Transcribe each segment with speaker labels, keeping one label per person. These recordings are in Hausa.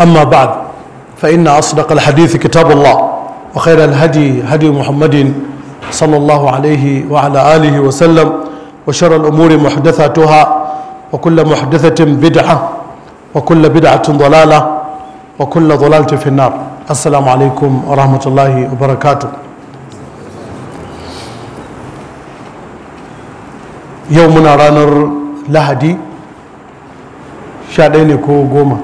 Speaker 1: أما بعد فإن أصدق الحديث كتاب الله وخير الهدي هدي محمد صلى الله عليه وعلى آله وسلم وشر الأمور محدثاتها وكل محدثة بدعة وكل بدعة ضلالة وكل ضلالة في النار السلام عليكم ورحمة الله وبركاته يومنا رانر لهدي شاديني كو قومه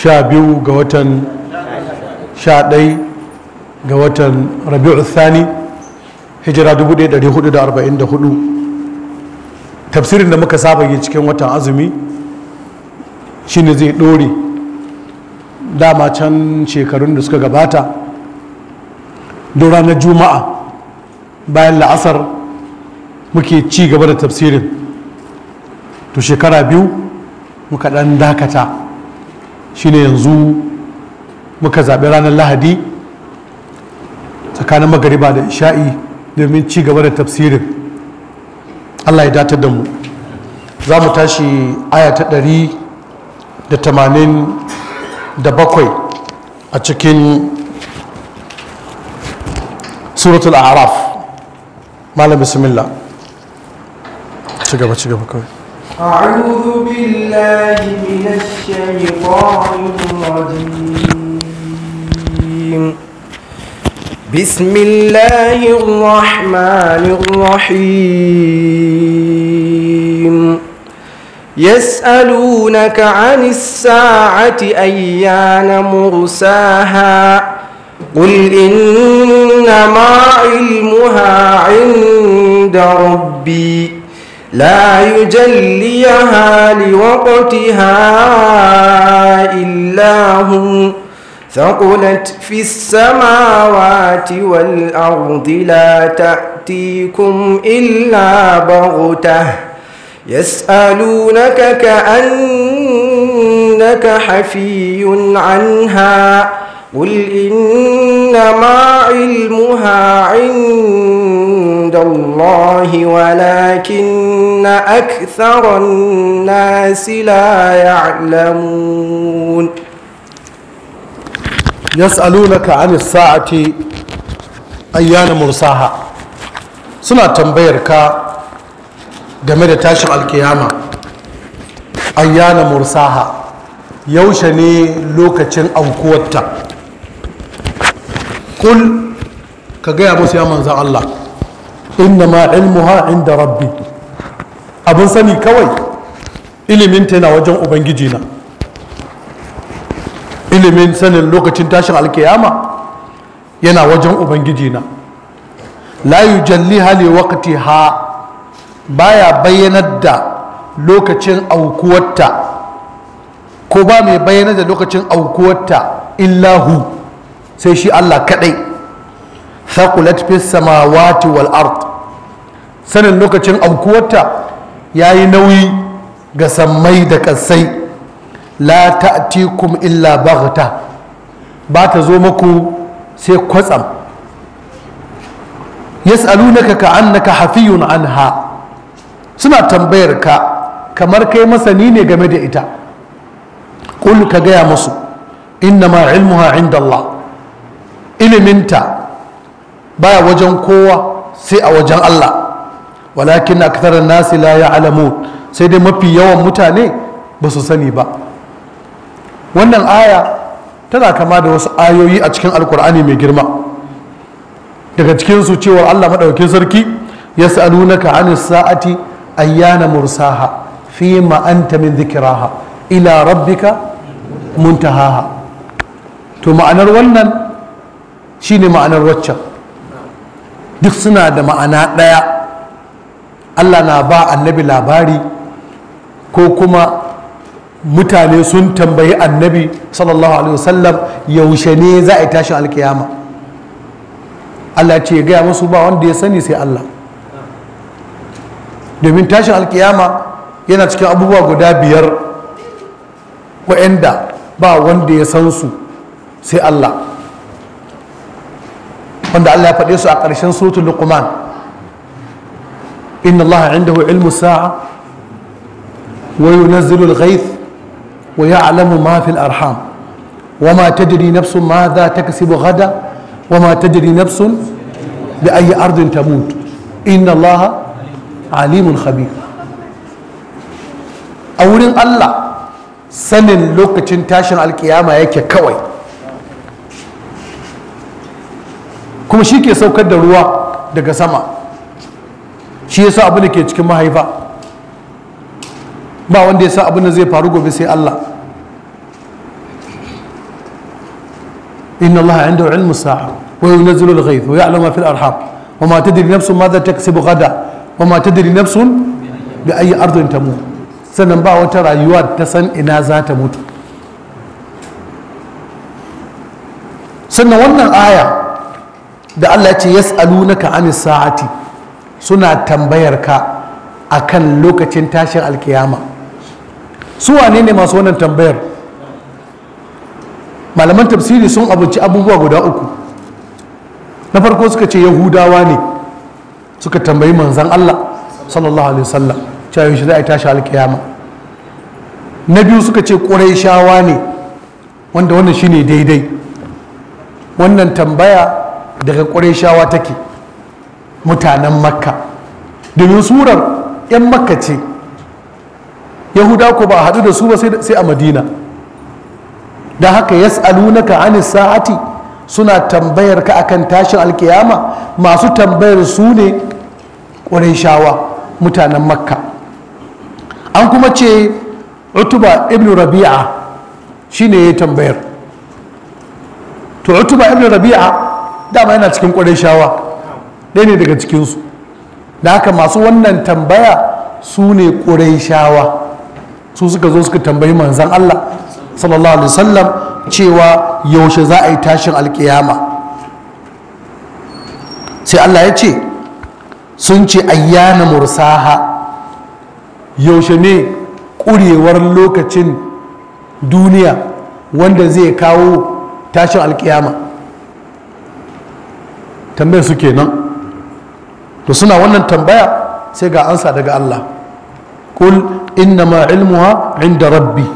Speaker 1: sha biyu ga watan 11 ga watan rabi'u thani hijira 1444 tafsirin da muka saba yi cikin watan azumi shine zai ɗore dama can shekarun da suka gabata don ranar juma'a bayan la'asar muke ci gaba da tafsirin to shekara biyu muka ɗan dakata shine yanzu muka zaɓi ranar lahadi tsakanin magariba da isha'i domin ci gaba da tafsirin allah ya datar da mu za mu tashi aya ta ɗari da tamanin da bakwai a cikin suratul araf malam bismillah ci gaba ci gaba kawai
Speaker 2: أعوذ بالله من الشيطان الرجيم بسم الله الرحمن الرحيم يسألونك عن الساعة أيان مرساها قل إنما علمها عند ربي لا يجليها لوقتها إلا هو ثقلت في السماوات والأرض لا تأتيكم إلا بغتة يسألونك كأنك حفي عنها قل إنما علمها عند عند الله ولكن أكثر الناس لا يعلمون يسألونك
Speaker 1: عن الساعة أيان مرساها game da tashin alkiyama ayyana mursaha yaushe ne lokacin aukuwarta kul ka gaya musu ya manzan Allah innama ilmuha inda rabbi abin sani kawai iliminta yana wajen ubangiji na ilimin sanin lokacin tashin alkiyama yana wajen ubangiji na la jalli hali wakati ha baya bayanar da lokacin aukuwarta ko ba mai bayyanar da lokacin aukuwarta illahu sai shi allah kadai thaqulat fis samawati wal ard sanin lokacin aukuwarta ya yi nauyi ga sammai da kasai la ta'tikum illa baghta ba ta zo muku sai kwatsam yas'alunaka ka'annaka hafiyun anha suna tambayar ka kamar kai masani ne game da ita qul ka gaya musu innama ilmuha inda Allah iliminta baya wajen kowa sai a wajen Allah walakin kasarar nasi la ya'lamun sai dai mafi yawan mutane ba su sani ba wannan aya tana kama da wasu ayoyi a cikin alkur'ani mai girma daga cikinsu cewa allah maɗaukin sarki ya sa'alunaka an sa'ati ayyana mursaha fi ma'anta min zikiraha ila rabbika muntahaha to ma'anar wannan shine ma'anar waccan duk suna da ma'ana ɗaya allah na ba annabi labari ko kuma mutane sun tambayi annabi sallallahu alaihi wasallam yaushe ne za a yi tashin alkiyama allah ce ya gaya musu ba wanda ya sani sai allah domin tashin alkiyama yana cikin abubuwa guda biyar wa'anda ba wanda ya san su sai allah wanda Allah ya faɗe su a ƙarshen suratul luqman inna Allah inda indahu ilmu sa'a wa yunazzilu al-ghayth wa ya'lamu ma fil arham wa ma tadri nafsun ma za takasibu ghada wa ma tadri nafsun bi ayi ardin tamut inna Allah alimun khabir a wurin Allah sanin lokacin tashin alkiyama yake kawai kuma shi ke saukar da ruwa daga sama shi yasa abin da ke cikin mahaifa ba wanda yasa abin da zai faru gobe sai Allah inna Allah inda ilmu sa'a wa yunzilu al-ghayth wa ya'lamu fil arham wa ma tadri nafsun madha taksubu gada wa ma tadri nafsun bi ayi ardin tamut sannan ba wata rayuwa ta san ina za ta mutu sannan wannan aya da Allah ce ya yas'alunaka anis sa'ati suna tambayar ka akan lokacin tashin alkiyama su wane ne masu wannan tambayar malaman tafsiri sun abinci abubuwa guda uku na farko suka ce yahudawa ne suka tambayi manzan Allah sallallahu alaihi wasallam cewa shi za a tashi alkiyama na biyu suka ce ƙurai shawa ne wanda wannan shine daidai wannan tambaya daga shawa take mutanen makka domin surar 'yan makka ce yahuda ko ba a haɗu da su ba sai a madina da haka yas'alunaka anis sa'ati suna tambayar ka akan tashin alkiyama masu tambayar su ne shawa mutanen makka an kuma ce utuba ibn rabi'a shine ya tambayar to utuba ibn rabi'a dama yana cikin kwarai shawa ɗaya ne daga cikinsu da haka masu wannan tambaya su ne ƙwarai shawa su suka zo suka tambayi manzan Allah sallallahu alaihi wasallam cewa yaushe za a yi tashin alkiyama sai Allah ya ce sun ce ayyana mursaha yaushe ne ƙurewar lokacin duniya wanda zai kawo tashin alkiyama tambayar su kenan to suna wannan tambaya sai ga ansa daga Allah kul ma ilmuha inda rabbi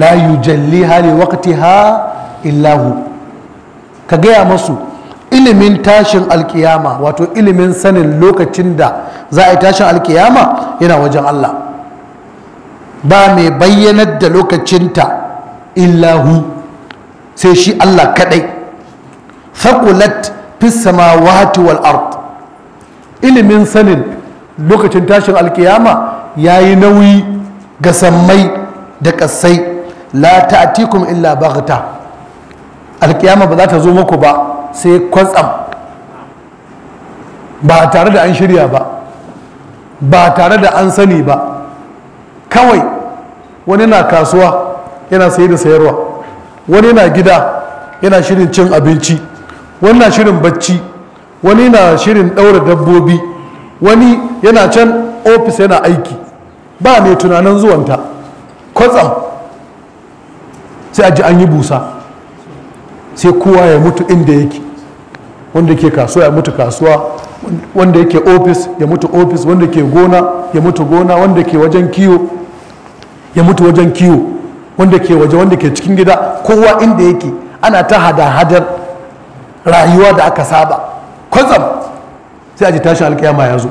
Speaker 1: la jalli hali waqtiha ha illahu ka gaya masu ilimin tashin alkiyama wato ilimin sanin lokacin da za a yi tashin alkiyama yana wajen Allah ba mai bayyanar da lokacinta illahu sai shi Allah kadai faqulat fisama samawati wal art ilimin sanin lokacin tashin alkiyama yi nauyi ga sammai da kasai la ta'tikum illa baghta alkiyama ba za ta zo muku ba sai kwatsam ba tare da an shirya ba ba tare da an sani ba kawai wani na kasuwa yana sayi da sayarwa wani na gida yana shirin cin abinci wannan shirin bacci wani na shirin ɗaura dabbobi wani yana can ofis yana aiki ba mai tunanin zuwanta kwatsam sai a ji an yi busa sai kowa ya mutu inda yake wanda ke kasuwa ya mutu kasuwa wanda yake ofis ya mutu ofis wanda ke gona ya mutu gona wanda ke wajen kiwo ya mutu wajen kiwo wanda ke waje wanda ke cikin gida kowa inda yake ana ta hada-hadar rayuwa da aka saba kwatsam sai a ji tashin alkiyama ya zo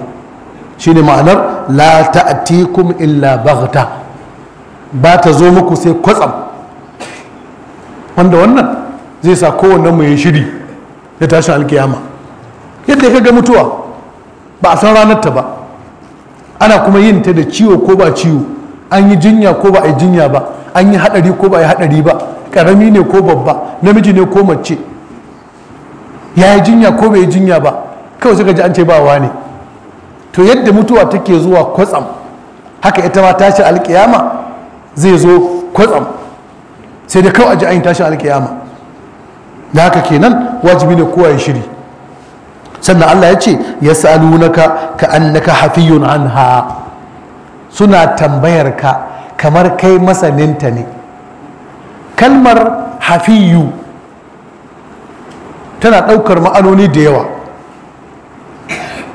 Speaker 1: shi ne ma'anar la ta'atikum illa baghta ba ta zo muku sai kwatsam wanda wannan zai sa kowanne mu shiri da tashin alkiyama yadda ya ga mutuwa ba a san ranar ta ba ana kuma yin ta da ciwo ko ba ciwo an yi jinya ko ba a yi jinya ba an yi hadari ko ba a yi hadari ba karami ne ko babba namiji ne ko mace ya yi jinya ko bai jinya ba kawai suka ji an ce ba ne to yadda mutuwa take zuwa kwatsam haka ita ma tashi alkiyama zai zo kwatsam sai da kawai a ji an tashi alkiyama da haka kenan wajibi ne kowa ya shiri sannan Allah ya ce ya na ka annaka hafiyun anha suna tambayar ka kamar kai masaninta ne kalmar hafiyu tana ɗaukar ma'anoni da yawa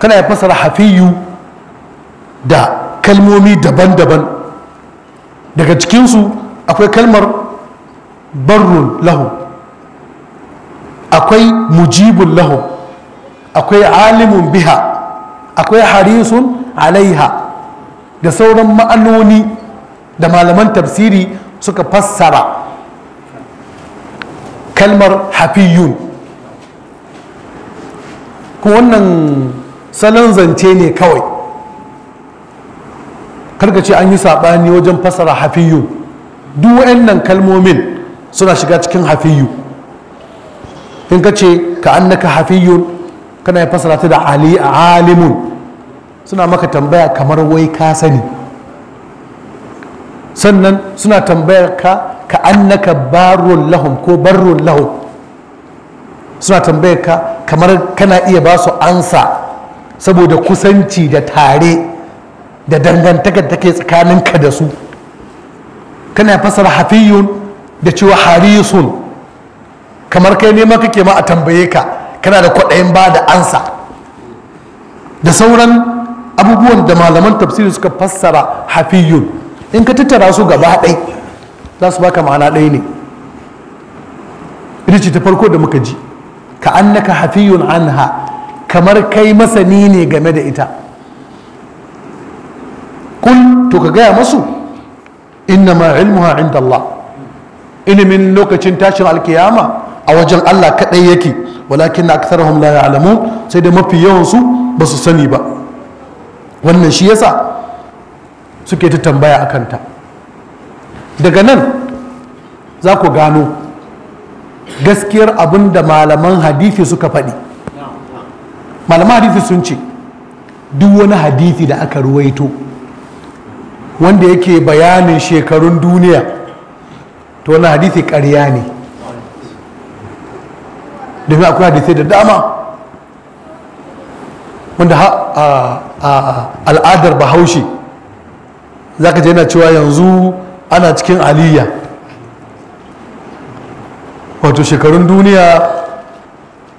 Speaker 1: kana ya fasara hafiyu da kalmomi daban-daban daga cikinsu akwai kalmar barrun lahu akwai mujibun lahu akwai alimun biha akwai harisun alaiha da sauran ma'anoni da malaman tafsiri suka fassara kalmar hafiyun ko wannan salon zance ne kawai karka ce an yi saɓani wajen fasara hafiyu duk wa'annan kalmomin suna shiga cikin hafiyu in ka ce ka annaka hafiyu kana ya fasara ta da ali alimun suna maka tambaya kamar wai ka sani sannan suna tambayar ka ka annaka barun lahum ko barun lahum suna tambayar ka kamar kana iya ba su ansa saboda kusanci da tare da dangantakar take tsakaninka da su kana fasara hafiyun da cewa harisun kamar kai nema kake ma a tambaye ka kana da kwaɗayin ba da ansa da sauran abubuwan da malaman tafsiri suka fassara hafiyun in ka tattara su gaba ɗai za su baka ma'ana ɗaya ne ita ce ta farko da muka ji ka annaka hafiyun anha kamar kai masani ne game da ita Kun to ka gaya masu inna ma ilmuha inda Allah ilimin lokacin tashin alkiyama a wajen Allah kaɗai yake walakin aktharuhum la alamu, sai da mafi yawan su ba su sani ba wannan shi yasa suke ta tambaya a kanta daga nan za ku gano gaskiyar abin da malaman hadithi suka faɗi malaman hadithi sun ce duk wani hadithi da aka ruwaito wanda yake bayanin shekarun duniya to wani hadithi ƙarya ne domin akwai hadithai da dama wanda al'adar bahaushe za ka je yana cewa yanzu ana cikin aliyya wato shekarun duniya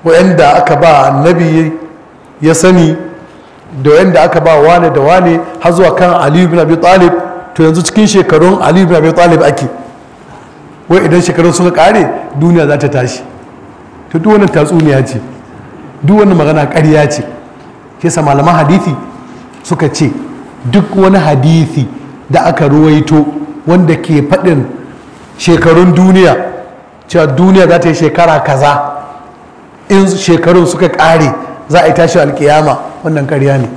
Speaker 1: wa'anda aka ba annabi ya sani da wa'anda aka ba wane da wane har zuwa kan aliyu bin abi talib to yanzu cikin shekarun aliyu bin abi talib ake wai idan shekarun suka kare duniya za ta tashi to duk wannan tatsuniya ce duk wannan magana ƙarya ce sa malaman hadithi suka ce duk wani hadithi da aka ruwaito wanda ke faɗin shekarun duniya cewa duniya za ta yi shekara kaza in shekarun suka ƙare za a yi tashi alkiyama wannan karya ne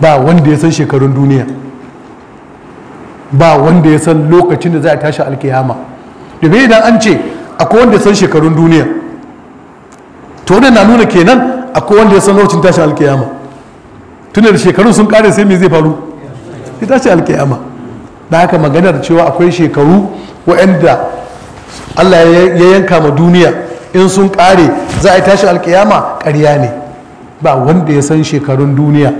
Speaker 1: ba wanda ya san shekarun duniya ba wanda ya san lokacin da za a tashi alkiyama bai idan an ce akwai wanda ya san shekarun duniya to wannan na nuna kenan akwai wanda ya san lokacin tashi alkiyama tunda da shekarun sun kare sai me zai faru ya tashi alkiyama da haka maganar cewa akwai shekaru waɗanda Allah ya yanka ma duniya in sun kare za a yi tashin alkiyama ƙarya ne ba wanda ya san shekarun duniya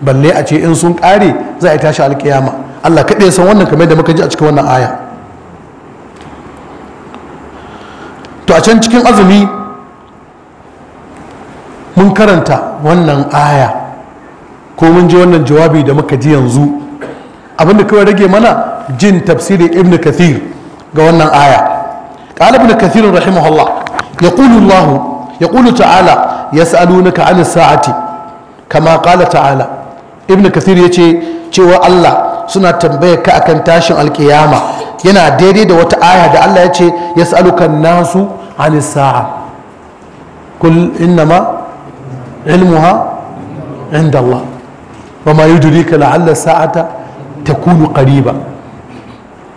Speaker 1: balle a ce in sun kare za a yi tashin alkiyama Allah kaɗai san wannan kamar da muka ji a cikin wannan aya to a can cikin azumi mun karanta wannan aya ko mun ji wannan jawabi da muka ji yanzu abinda kawai rage mana jin tafsirin ibn kathir ga wannan aya قال ابن كثير رحمه الله يقول الله يقول تعالى يسألونك عن الساعة كما قال تعالى ابن كثير يتي cewa Allah suna tambayar ka akan tashin alkiyama yana daidai da wata aya da Allah ya ce yas'aluka nasu an sa'a kul innama ilmuha inda Allah wa ma yudrika la'alla sa'ata takunu qariba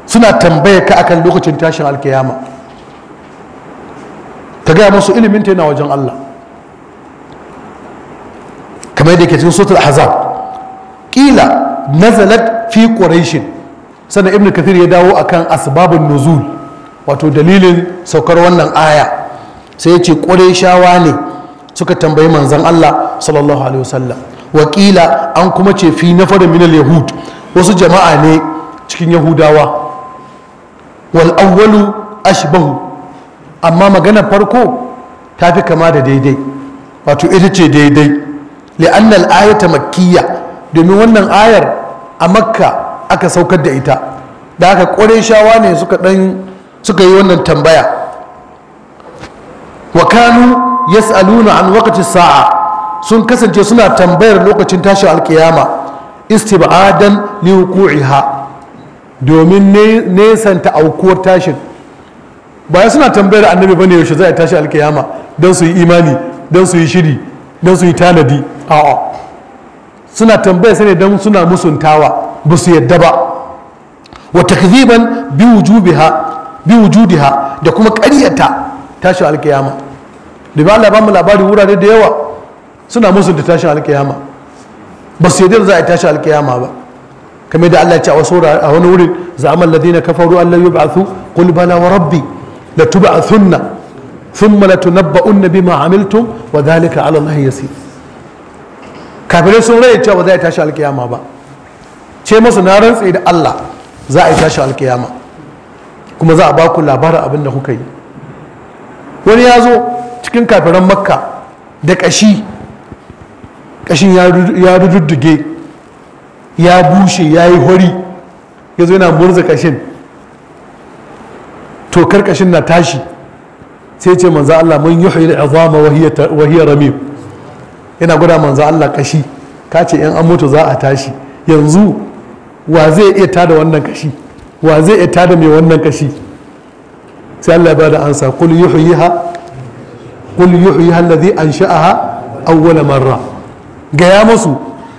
Speaker 1: suna tambayar ka akan lokacin tashin alkiyama ta gaya masu ilimin ta yana wajen Allah kamar yadda ke cikin suratul ahzab kila nazalat fi quraishin sannan Ibn kathir ya dawo akan asbabun nuzul wato dalilin saukar wannan aya sai ya ce ne suka tambayi manzon Allah sallallahu alaihi wasallam wakila an kuma ce fi nafarin minal yahud wasu jama'a ne cikin yahudawa wal awwalu ashbahu amma maganar farko ta fi kama da daidai wato ita ce daidai li'annal ayata makkiya domin wannan ayar a makka aka saukar da ita da aka kware shawa ne suka yi wannan tambaya wa kanu yas'aluna an waqti sa'a sun kasance suna tambayar lokacin tashin alkiyama istib'adan li wuqu'iha domin nesanta aukuwar tashin ba suna tambayar annabi bane yaushe za a tashi alkiyama don su yi imani don su yi shiri don su yi tanadi a'a suna tambayar sai ne don suna musuntawa ba su yadda ba wa takziban bi wujubiha bi wujudiha da kuma ƙaryata tashin alkiyama da ba Allah ba mu labari wurare da yawa suna musunta tashin alkiyama ba su yadda za a tashi alkiyama ba kamar da Allah ya ce a wani wurin za'amal ladina kafaru an la yub'athu qul bala wa rabbi la tub'athunna thumma la tunabba'unna bi amiltum wa dhalika 'ala Allah yasir kafin sun raye cewa za a tashi alkiyama ba ce masu na rantse da Allah za a yi tashi alkiyama kuma za a ba ku labarin abin da kuka yi wani ya zo cikin kafiran makka da kashi kashin ya rududduge ya bushe ya yi hori ya zo yana murza kashin to karkashin na tashi sai ce manzo Allah mun yuhyi al'azama wa hiya ramim yana guda manzo Allah kashi ka ce in an mutu za a tashi yanzu wa zai iya tada wannan kashi wa zai iya tada mai wannan kashi sai Allah ya bada ansa qul yuhyiha qul yuhyiha alladhi ansha'aha awwala marra gaya musu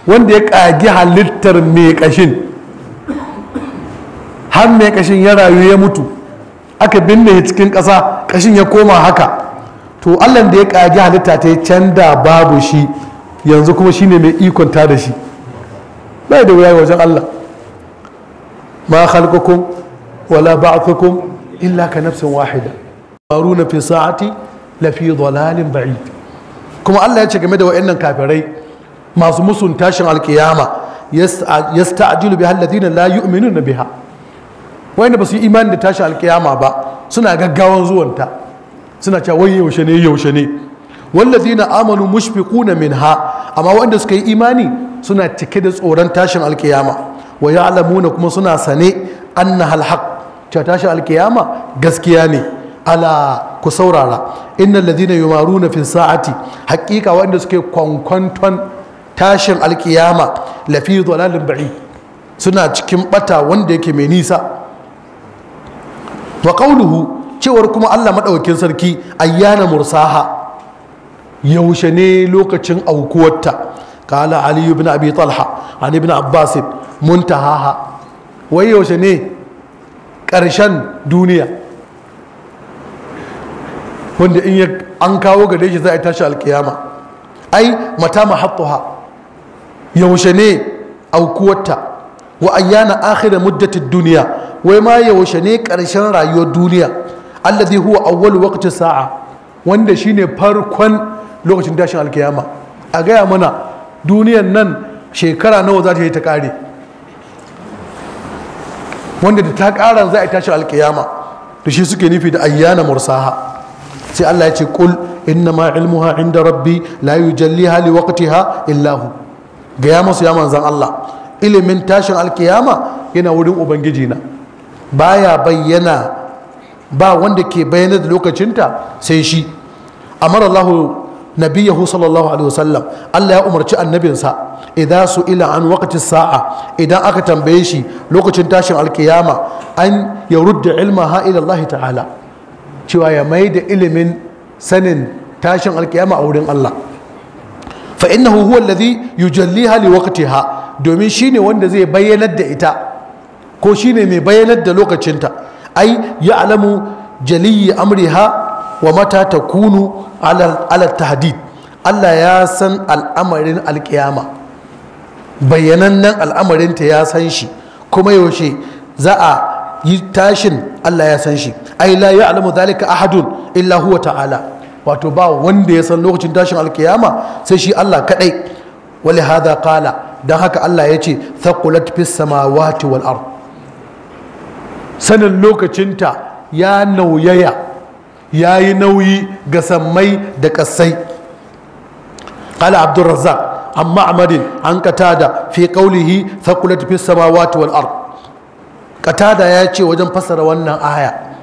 Speaker 1: wanda ya kagi halittar mai kashin har mai kashin ya rayu ya mutu aka binne cikin ƙasa ƙashin ya koma haka to allah da ya ƙagi halitta ta yi canda babu shi yanzu kuma ne mai ikon ta da shi bai da wuya wajen allah ma khalqukum wala ba'thukum illa ka nafsin wahida na fi sa'ati ba'id kuma allah ya ce game da wa'annan kafirai masu musun tashin alkiyama yasta'jilu biha alladhina la yu'minuna biha wanda ba su yi imani da tashi alkiyama ba suna gaggawan zuwanta suna cewa wai yaushe ne yaushe ne wallazina amanu mushfiquna minha amma wanda suka yi imani suna cike da tsoron tashin alkiyama wa ya'lamuna kuma suna sane anna alhaq cewa tashin alkiyama gaskiya ne ala ku saurara innal ladina yumaruna fi sa'ati haqiqa wanda suke kwankwanton tashin alkiyama lafi dhalalin ba'i suna cikin bata wanda yake mai nisa wa qawluhu cewar kuma Allah maɗaukin sarki ayyana mursaha yaushe ne lokacin aukuwarta kala ali ibn abi talha an ibn abbas muntahaha wai yaushe ne ƙarshen duniya wanda in an kawo gare shi za a tashi alkiyama ai mata mahattuha yaushe ne aukuwarta wa ayyana akhira muddatid duniya wai ma yaushe ne karshen rayuwar duniya alladhi huwa awwal waqti sa'a wanda shine farkon lokacin tashin alkiyama a gaya mana duniyan nan shekara nawa za ta yi ta kare wanda da ta kara za a tashin alkiyama da shi suke nufi da ayyana mursaha sai Allah ya ce kul inna ma ilmuha inda rabbi la yujalliha liwaqtiha illa hu gaya masu ya manzan Allah ilimin tashin alkiyama yana wurin ubangiji na baya bayyana ba wanda ke bayyana da lokacinta sai shi amar Allahu nabiyahu sallallahu alaihi wasallam Allah ya umarci annabinsa idan su ila an waqti sa'a idan aka tambaye shi lokacin tashin alkiyama an ya rudda ilmaha ila Allah ta'ala cewa ya mai da ilimin sanin tashin alkiyama a wurin Allah fa innahu huwa alladhi yujalliha li waqtiha domin shi ne wanda zai bayyanar da ita ko shi ne mai bayyanar da lokacinta ai ya alamu jaliyi amriha wa mata kunu ala tahdid Allah ya san al'amarin alkiyama bayyanannen al'amarinta ya san shi kuma yaushe za a yi tashin Allah ya san shi ai la ya alamu zalika ahadun illa huwa ta'ala wato ba wanda ya san lokacin tashin alkiyama sai shi Allah kadai wali hada kala don haka Allah ya ce thaqulat fis samawati wal ard sanin lokacinta ya nauyaya ya yi nauyi ga sammai da kasai qala abdul amma amadin an katada fi qawlihi thaqulat fis samawati wal ard katada ya ce wajen fassara wannan aya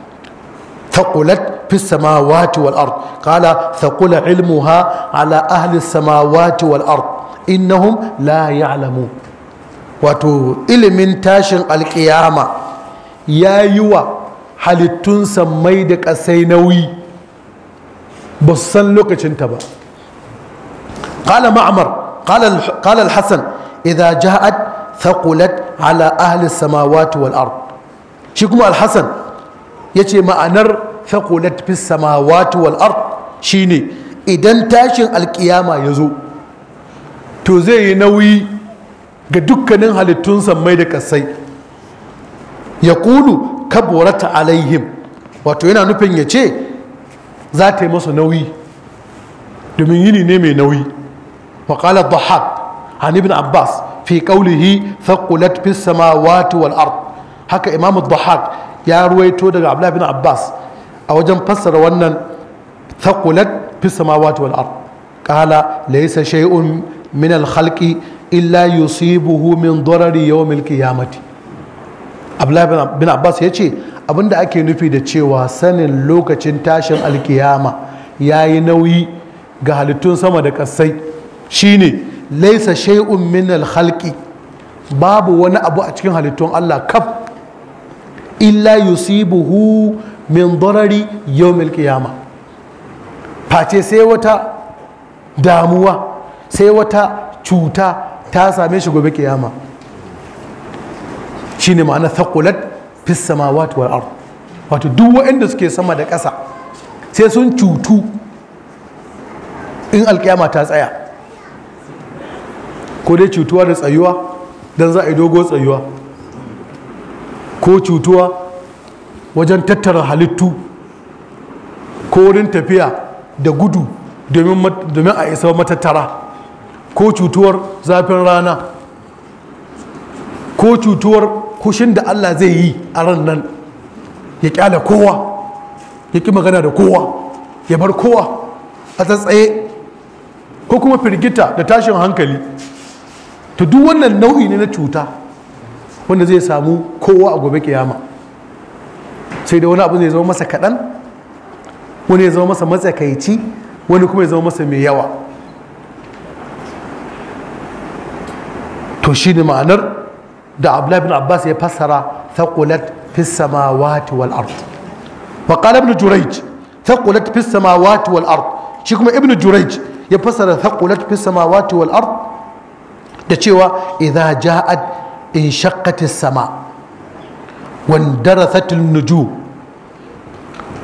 Speaker 1: thaqulat في السماوات والأرض قال ثقل علمها على أهل السماوات والأرض innahum la ya'lamu wato ilimin tashin alkiyama ya yi wa halittun sammai da ƙasai nauyi ba su san lokacinta ba قال معمر قال قال الحسن إذا جاءت ثقلت على أهل السماوات والأرض شكم الحسن يتي ما أنر ثقلت في السماوات والأرض شيني إذا تاشن القيامة يزو to zai yi nauyi ga dukkanin halittun sammai da kasai ya kulu kaburata alaihim wato yana nufin ya ce za ta yi masa nauyi domin yini ne mai nauyi wa qala dhahab an ibn abbas fi qawlihi thaqulat fis samawati wal ard haka imamu dhahab ya ruwaito daga abdullahi ibn abbas a wajen fassara wannan thaqulat fis samawati wal ard qala laysa shay'un Minal halƙi illa yusibuhu min darari yawmil qiyamati abdullahi bin abbas ya ce abinda ake nufi da cewa sanin lokacin tashin alkiyama ya yi nauyi ga halittun sama da ƙasai shine laisa shay'un min halƙi. babu wani abu a cikin halittun allah kaf illa yusibuhu min darari yawmil qiyama face sai wata damuwa sai wata cuta ta same shi gobe kiyama shine ma'ana thaqulat fissama samawati wal ard wato duk waɗanda suke sama da ƙasa sai sun cutu in alkiyama ta tsaya ko dai cutuwa da tsayuwa don za a yi dogo tsayuwa ko cutuwa wajen tattara halittu ko wurin tafiya da gudu domin a isa matattara ko cutuwar zafin rana ko cutuwar kushin da Allah zai yi a ran nan ya kyala kowa ya ki magana da kowa ya bar kowa a tsatsaye ko kuma firgita da tashin hankali ta duk wannan nau'i ne na cuta wanda zai samu kowa a gobe kiyama sai da wani abu zai zama masa kaɗan wani ya zama masa matsakaici wani kuma ya zama masa mai yawa to shi ne ma'anar da abdullahi bin abbas ya fassara thaqulat fis samawati wal ard wa qala ibn jurayj thaqulat fis samawati wal ard shi kuma ibn jurayj ya fassara thaqulat fis samawati wal ard da cewa idza ja'at in shaqqat sama wan darathat an-nujum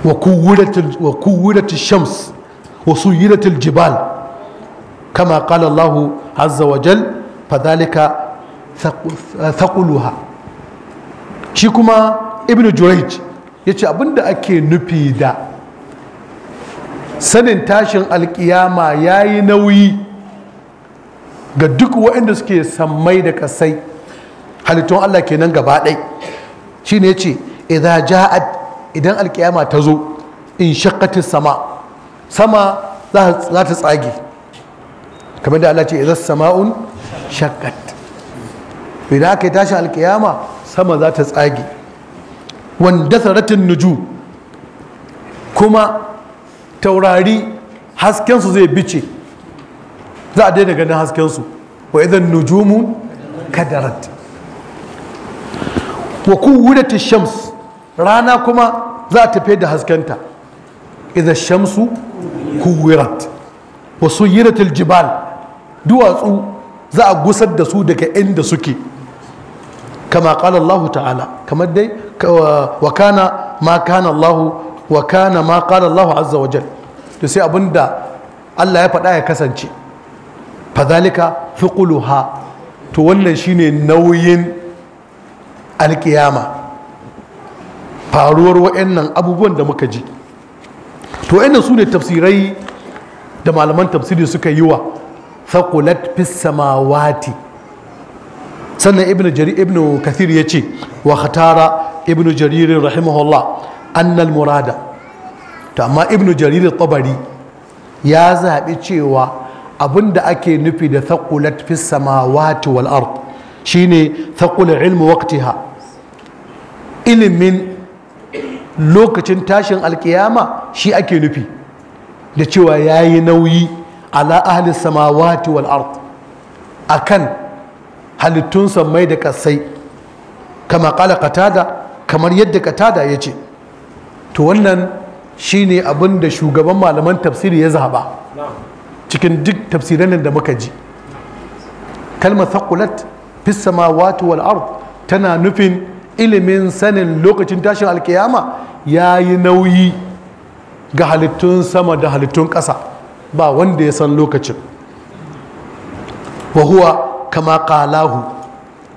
Speaker 1: wa kuwirat wa kuwirat ash-shams wa suyirat al-jibal kama qala Allah azza wa jalla fadalika thaquluha shi kuma ibn jurayj yace abinda ake nufi da sanin tashin alkiyama yayi nauyi ga duk waɗanda suke sammai da kasai halittun Allah kenan gaba ɗai shine yace idan ja'ad idan alkiyama ta zo in shaqqatis sama sama za ta tsage kamar da Allah ce idan sama'un shakkat idan aka tashi alkiyama sama za ta tsage wanda saratin nuju kuma taurari haskensu zai bice za a daina ganin haskensu wa idan nujumu kadarat wa kuwudati shams rana kuma za ta tafi da haskenta idan shamsu kuwirat wasu suyirat jibal duwatsu za a gusar da su daga inda suke kama kala Allah ta'ala kamar dai wa kana ma kana Allah wa kana ma kala Allah azza wa jal to sai abinda Allah ya faɗa ya kasance fadhalika fiquluha to wannan shine nauyin alkiyama faruwar waɗannan abubuwan da muka ji to waɗannan su ne tafsirai da malaman tafsiri suka yi wa thaqulat fis samawati sannan ibn jarir ibn kathir yace wa khatara ibn jarir rahimahullah anna al murada to amma ibn jarir tabari ya zaɓi cewa abinda ake nufi da thaqulat fis samawati wal ard shine thaqul ilmu waqtiha ilimin lokacin tashin alkiyama shi ake nufi da cewa yayi nauyi ala ahli samawati wal ard akan halittun samai da kasai kama kala katada kamar yadda katada ya ce to wannan shine abin da shugaban malaman tafsiri ya zaba cikin duk tafsiran da muka ji kalmar thaqulat fi samawati wal ard tana nufin ilimin sanin lokacin tashin alkiyama yayi nauyi ga halittun sama da halittun ƙasa ba wanda ya san lokacin wa huwa kama kalahu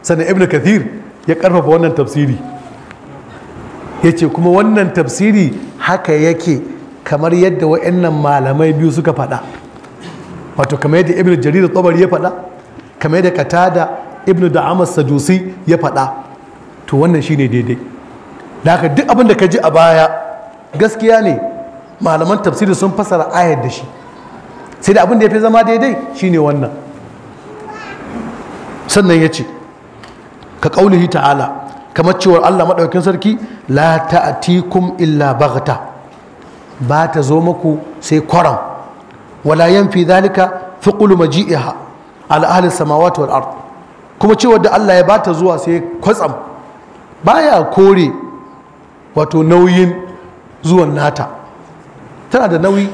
Speaker 1: sannan ibn kathir ya karfafa wannan tafsiri ya ce kuma wannan tafsiri haka yake kamar yadda wa'annan malamai biyu suka faɗa wato kamar yadda ibn jarir tabari ya faɗa kamar yadda da ibn da'amas sadusi ya faɗa to wannan shine daidai da haka duk abin da ka ji a baya gaskiya ne malaman tafsiri sun fasara ayar da shi sai da abin da ya fi zama daidai shine wannan sannan ya ce ka ƙaunihi ta'ala kamar cewar Allah maɗaukin sarki la ta'atikum illa baghta ba ta zo maku sai kwaram wala yanfi zalika fiqlu maji'iha ala ahli samawati wal ard kuma cewar da Allah ya bata zuwa sai kwatsam baya kore wato nauyin zuwan nata tana da nauyi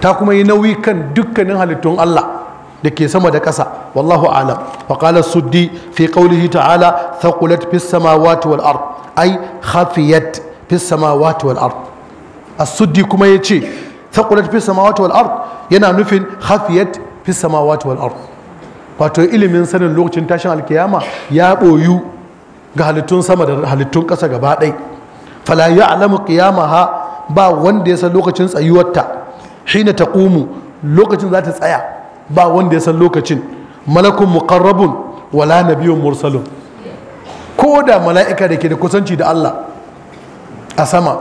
Speaker 1: ta kuma yi nauyi kan dukkanin halittun Allah da ke sama da ƙasa wallahu alam wa qala suddi fi qawlihi ta'ala thaqulat fis samawati wal ard ay khafiyat fis samawati wal ard as-suddi kuma yace thaqulat fis samawati wal ard yana nufin hafiyat fis samawati wal ard wato ilimin sanin lokacin tashin alkiyama ya ɓoyu ga halittun sama da halittun ƙasa gaba ɗaya fala ya'lamu qiyamaha ba wanda ya san lokacin tsayuwarta ta ƙumu lokacin za ta tsaya ba wanda ya san lokacin malakun muqarrabun wala nabiyyun mursalun ko da mala'ika da ke da kusanci da Allah a sama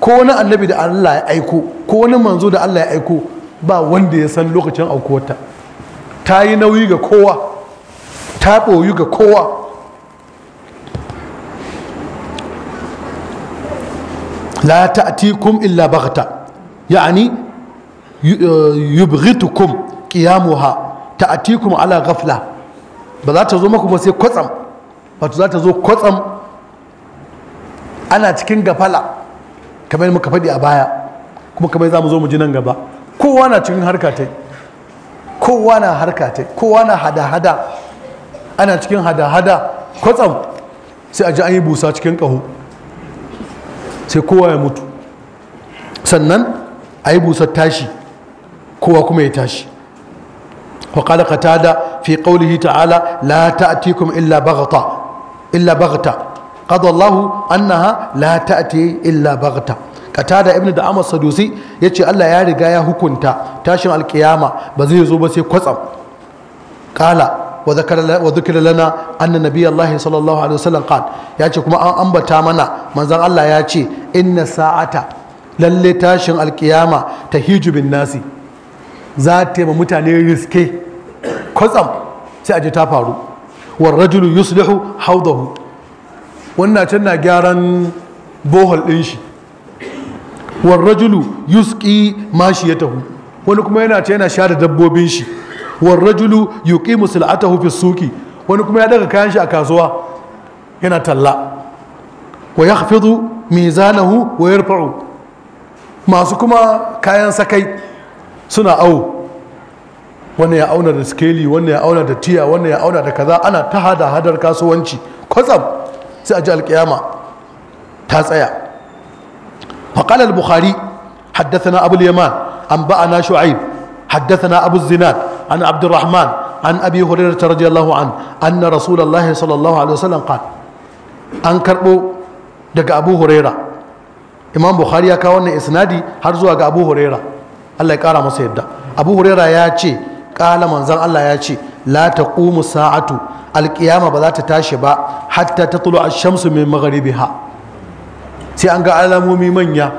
Speaker 1: ko wani annabi da Allah ya aiko ko wani manzo da Allah ya aiko ba wanda ya san lokacin aukuwarta ta yi nauyi ga kowa ta ɓoyi ga kowa la ta'tikum illa baghta yani Uh, yubghitukum qiyamuha ta'tikum ala ghafla ba za ta zo maku ba sai kwatsam wato za ta zo kwatsam ana cikin gafala kamar muka faɗi a baya kuma kamar za mu zo mu ji nan gaba kowa na cikin harka ta kowa na harka ta kowa na hada-hada ana cikin hada-hada kwatsam sai a ji an yi busa cikin ƙaho sai kowa ya mutu sannan a yi busar tashi kowa kuma ya tashi wakala ka tada fi ƙaunihi ta'ala la ta'tikum illa bagata illa bagata kada allahu annaha la ta'ti illa bagata ka tada ibn da amas sadusi ya ce allah ya riga ya hukunta tashin alkiyama ba zai zo ba sai kwatsam kala wa zikira lana anna nabiya allahi sallallahu alaihi wasallam qal ya ce kuma an ambata mana manzon allah ya ce inna sa'ata lallai tashin alƙiyama ta hijibin nasi za ta yi mutane riske kwatsam sai a ji ta faru war rajulu yuslihu haudahu wannan can na gyaran bohol din shi war rajulu yuski mashiyatahu wani kuma yana ta yana dabbobin shi war rajulu yuqimu sil'atahu fi suki wani kuma ya daga kayan shi a kasuwa yana talla wa yakhfidu mizanahu wa yarfa'u masu kuma kayan sakai suna au wani ya auna da skeli wani ya auna da tiya wani ya auna da kaza ana ta hada hadar kasuwanci kwatsam sai a ji ta tsaya faƙalar bukhari haddathana abu yaman an ba'ana shu'aib haddathana abu zinad an abdurrahman an abi hurairah ta radiyallahu an anna rasulullahi sallallahu alaihi wasallam qala an karbo daga abu hurairah imam bukhari ya kawo wannan isnadi har zuwa ga abu hurairah Allah ya kara masa yadda Abu Huraira ya ce kala manzon Allah ya ce la taqumu sa'atu alqiyama ba za ta tashi ba hatta tatlu ash-shamsu min maghribiha sai an ga alamomi manya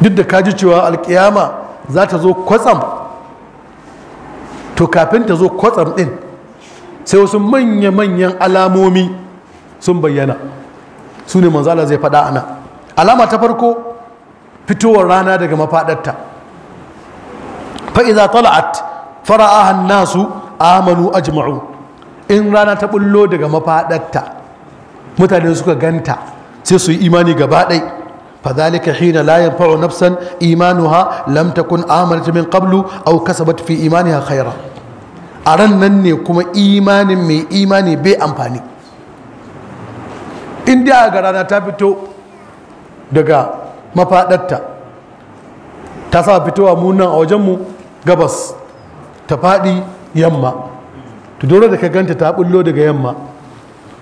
Speaker 1: duk da kaji cewa alkiyama za ta zo kwatsam to kafin ta zo kwatsam din sai wasu manya-manyan alamomi sun bayyana su ne manzala zai faɗa ana alama ta farko fitowar rana daga mafadarta faiza idza tala'at a nasu amanu ajma'u in rana ta bullo daga mafadarta mutane suka ganta sai su yi imani gaba ɗaya فذلك حين لا ينفع نفسا إيمانها لم تكن آمنت من قبل أو كسبت في إيمانها خيرا أرن نني كما إيمان مي إيماني بي أمفاني إن دي أغرانا تابتو دقا mafaɗarta ta sa fitowa munan a wajenmu gabas ta faɗi yamma to dora da ka ganta ta bullo daga yamma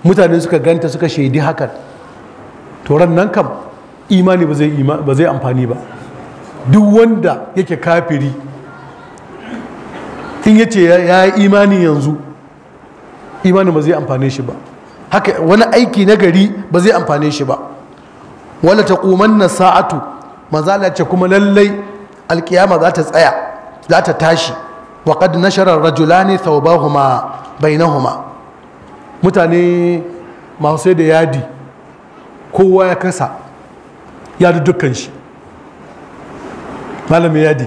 Speaker 1: mutane suka ganta suka shaidi hakan to nan kam imani ba zai amfani ba duk wanda yake kafiri in ya ce ya yi imani yanzu imani ba zai amfani shi ba haka wani aiki na gari ba zai amfani shi ba wala na sa'atu manzo Allah ce kuma lallai alkiyama za ta tsaya za ta tashi wa qad nashara rajulani thawbahuma bainahuma mutane masu sai da yadi kowa ya kasa yadi dukkan shi malamin yadi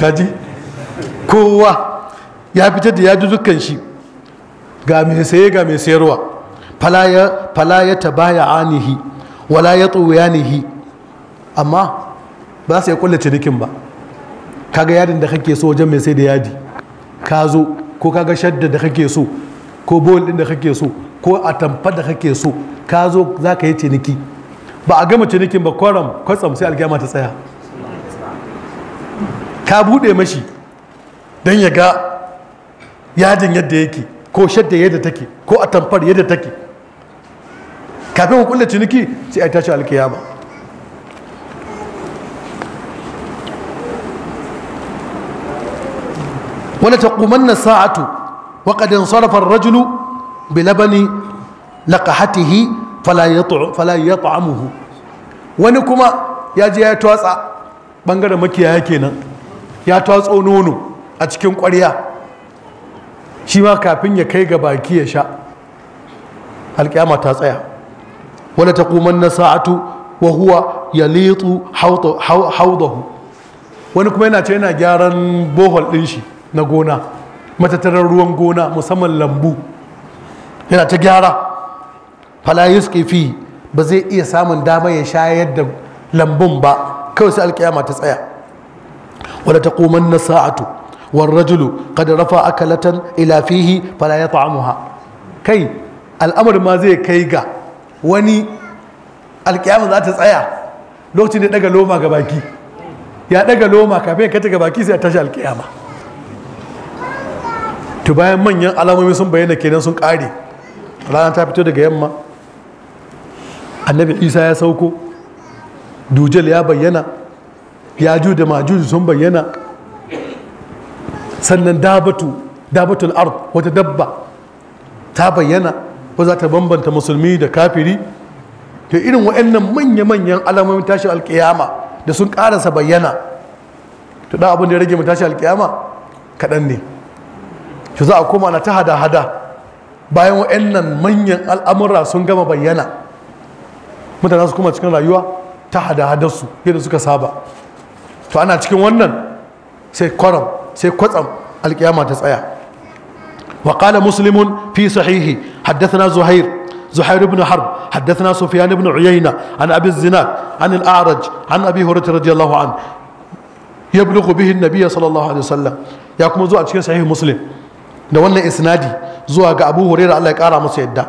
Speaker 1: kaji kowa ya fitar da yadi dukkan shi ga mai saye ga mai sayarwa fala ya tabaya anihi wala ya nihi amma ba su ya kulle cinikin ba kaga yadin da kake so wajen mai sai da yadi ka zo ko kaga shadda da kake so ko bowl din da kake so ko atamfa da kake so ka zo za ka yi ciniki ba a gama cinikin ba kwaram kwatsam sai alkiyama ta tsaya ka buɗe mashi don ya ga yadin yadda yake ko shadda yadda take ko atamfar yadda take kafin ku ciniki sai ai tashi alkiyama wala taqumanna sa'atu wa qad insarafa ar-rajulu bi labani laqahatihi fala yat'u fala yat'amuhu wani kuma ya je ya twatsa bangare makiyaya kenan ya twatso nono a cikin ƙwarya shi ma kafin ya kai ga baki ya sha alƙiyama ta tsaya wala taqumanna sa'atu wa huwa yalitu hawdahu wani kuma yana ce yana gyaran bohol din shi na gona matattarar ruwan gona musamman lambu yana ta gyara fala yusqi ba zai iya samun dama ya shayar da lambun ba kawai sai alkiyama ta tsaya wala taqumanna sa'atu war rajulu kada rafa akalatan ila fihi fala yat'amuha kai al'amar ma zai kai ga wani alkiyama za ta tsaya lokacin da daga loma ga baki ya daga loma kafin ya kata ta baki sai ya tashi alkiyama to bayan manyan alamomi sun bayyana kenan sun kare rana ta fito daga yamma annabi isa ya sauko dujal ya bayyana ya ju da majuju sun bayyana sannan dabatu dabatul ard wata dabba ta bayyana ko za ta bambanta musulmi da kafiri da irin waɗannan manya-manyan alamomin tashin alkiyama da sun ƙarasa bayyana to da abin da ya rage mu tashin alkiyama kaɗan ne to za a koma na ta hada-hada bayan waɗannan manyan al'amura sun gama bayyana mutane su kuma cikin rayuwa ta hada-hadarsu yadda suka saba to ana cikin wannan sai kwaram sai kwatsam alkiyama ta tsaya wa muslimun fi sahihi حدثنا زهير زهير بن حرب حدثنا سفيان بن عيينة عن أبي الزناد عن الأعرج عن أبي هريرة رضي الله عنه يبلغ به النبي صلى الله عليه وسلم يا كما زوا cikin sahih muslim da wannan isnadi zuwa ga Abu Hurairah Allah ya kara masa yadda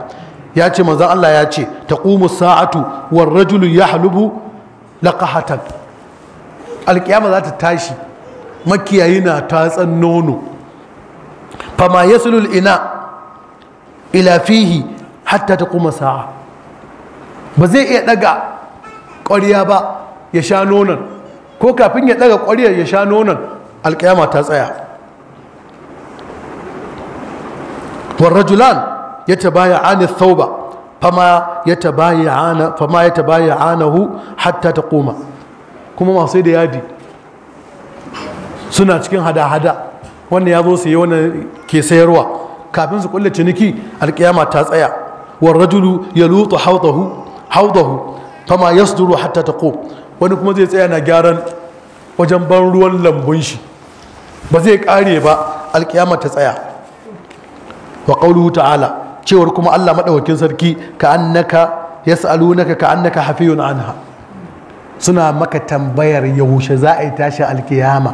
Speaker 1: ya ce manzon Allah ya ce taqumu sa'atu war rajulu yahlubu laqahatan alkiyama za ta tashi makiyayi na tatsan nono fama yasulul ina ila fihi hatta ta kuma sa'a ba zai iya daga ƙwarya ba ya sha nonon ko kafin ya daga ƙwaryar ya sha nonon alƙiyama ta tsaya warrajulan ya tabaya ani thauba fama ya tabaya anahu hatta ta koma kuma masu da yadi suna cikin hada-hada wanda ya zo su yi ke sayarwa kafin su kulle ciniki alkiyama ta tsaya Wa rajulu yalutu hawdahu hawdahu fama yasduru hatta taqum wani kuma zai tsaya na gyaran wajen ban ruwan lambun shi ba zai kare ba alkiyama ta tsaya wa qawluhu ta'ala cewar kuma Allah madaukakin sarki ka annaka yas'alunaka ka annaka hafiyun anha suna maka tambayar yaushe za a yi tashi alkiyama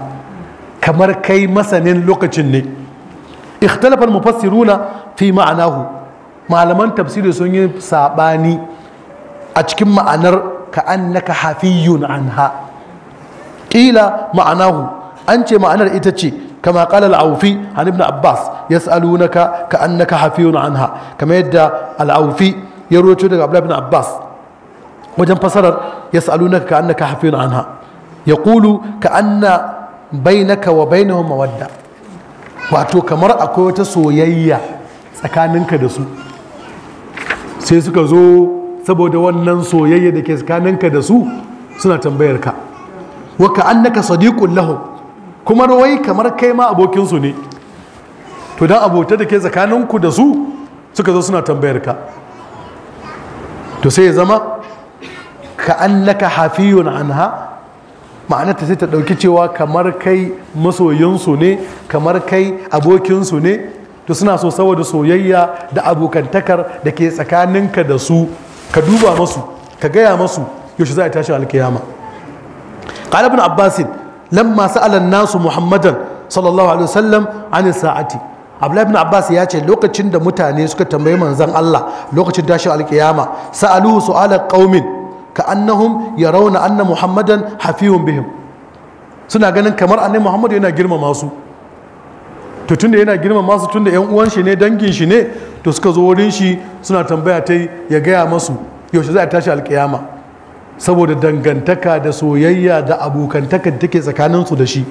Speaker 1: kamar kai masanin lokacin ne اختلف المفسرون fi ma'anahu, malaman tafsiri sun yi sabani a cikin ma'anar ka annaka hafiyun anha qila ma'anahu an ce ma'anar ita ce kama qala al-awfi an ibn abbas ya yas'alunaka ka annaka hafiyun anha kama yadda al'aufi awfi ya roto daga abdullah ibn abbas wajen fasarar ya yas'alunaka ka annaka hafiyun anha yaqulu ka anna bainaka wa bai bainahum wadda. wato kamar akwai wata soyayya tsakaninka da su sai suka zo saboda wannan soyayya da ke tsakaninka da su suna tambayar ka wa ka annaka sadiqun lahum kuma wai kamar kai ma abokinsu ne to dan abota da ke tsakaninku da su suka zo suna tambayar ka to sai ya zama ka annaka hafiyun anha ma'anarta sai ta ɗauki cewa kamar kai masoyansu ne kamar kai abokinsu ne to suna so saboda soyayya da abokantakar da ke tsakaninka da su ka duba masu ka gaya masu yaushe za a tashi alkiyama qala ibn abbas lamma sa'ala nasu muhammadan sallallahu alaihi wasallam an sa'ati abdullahi ibn abbas ya ce lokacin da mutane suka tambayi manzon Allah lokacin tashin alkiyama su su'ala qaumin ka annahum rauna anna muhammadan hafiyun bihim suna ganin kamar annabi muhammad yana girmama su to tunda yana girmama su tunda yan uwan shi ne dangin shi ne to suka zo wurin shi suna tambaya ta ya gaya masu yaushe za a tashi alkiyama saboda dangantaka da soyayya da abokantaka da take tsakanin su da shi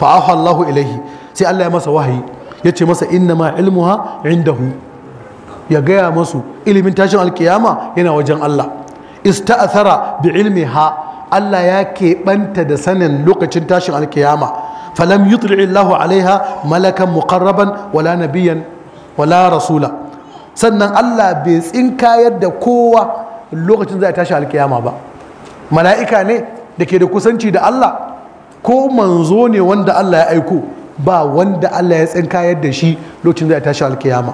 Speaker 1: fa ahallahu ilaihi sai Allah ya masa wahayi ya ce masa inna ma ilmuha indahu ya gaya masu ilimin tashin alkiyama yana wajen Allah ista'athara bi ilmiha Allah ya keɓanta da sanin lokacin tashin alkiyama falam yutli Allah alaiha malakan muqarraban wala nabiyan wala rasula sannan Allah bai tsinkayar da kowa lokacin zai tashi alkiyama ba mala'ika ne da ke da kusanci da Allah ko manzo ne wanda Allah ya aiko ba wanda Allah ya tsinkayar da shi lokacin zai tashi alkiyama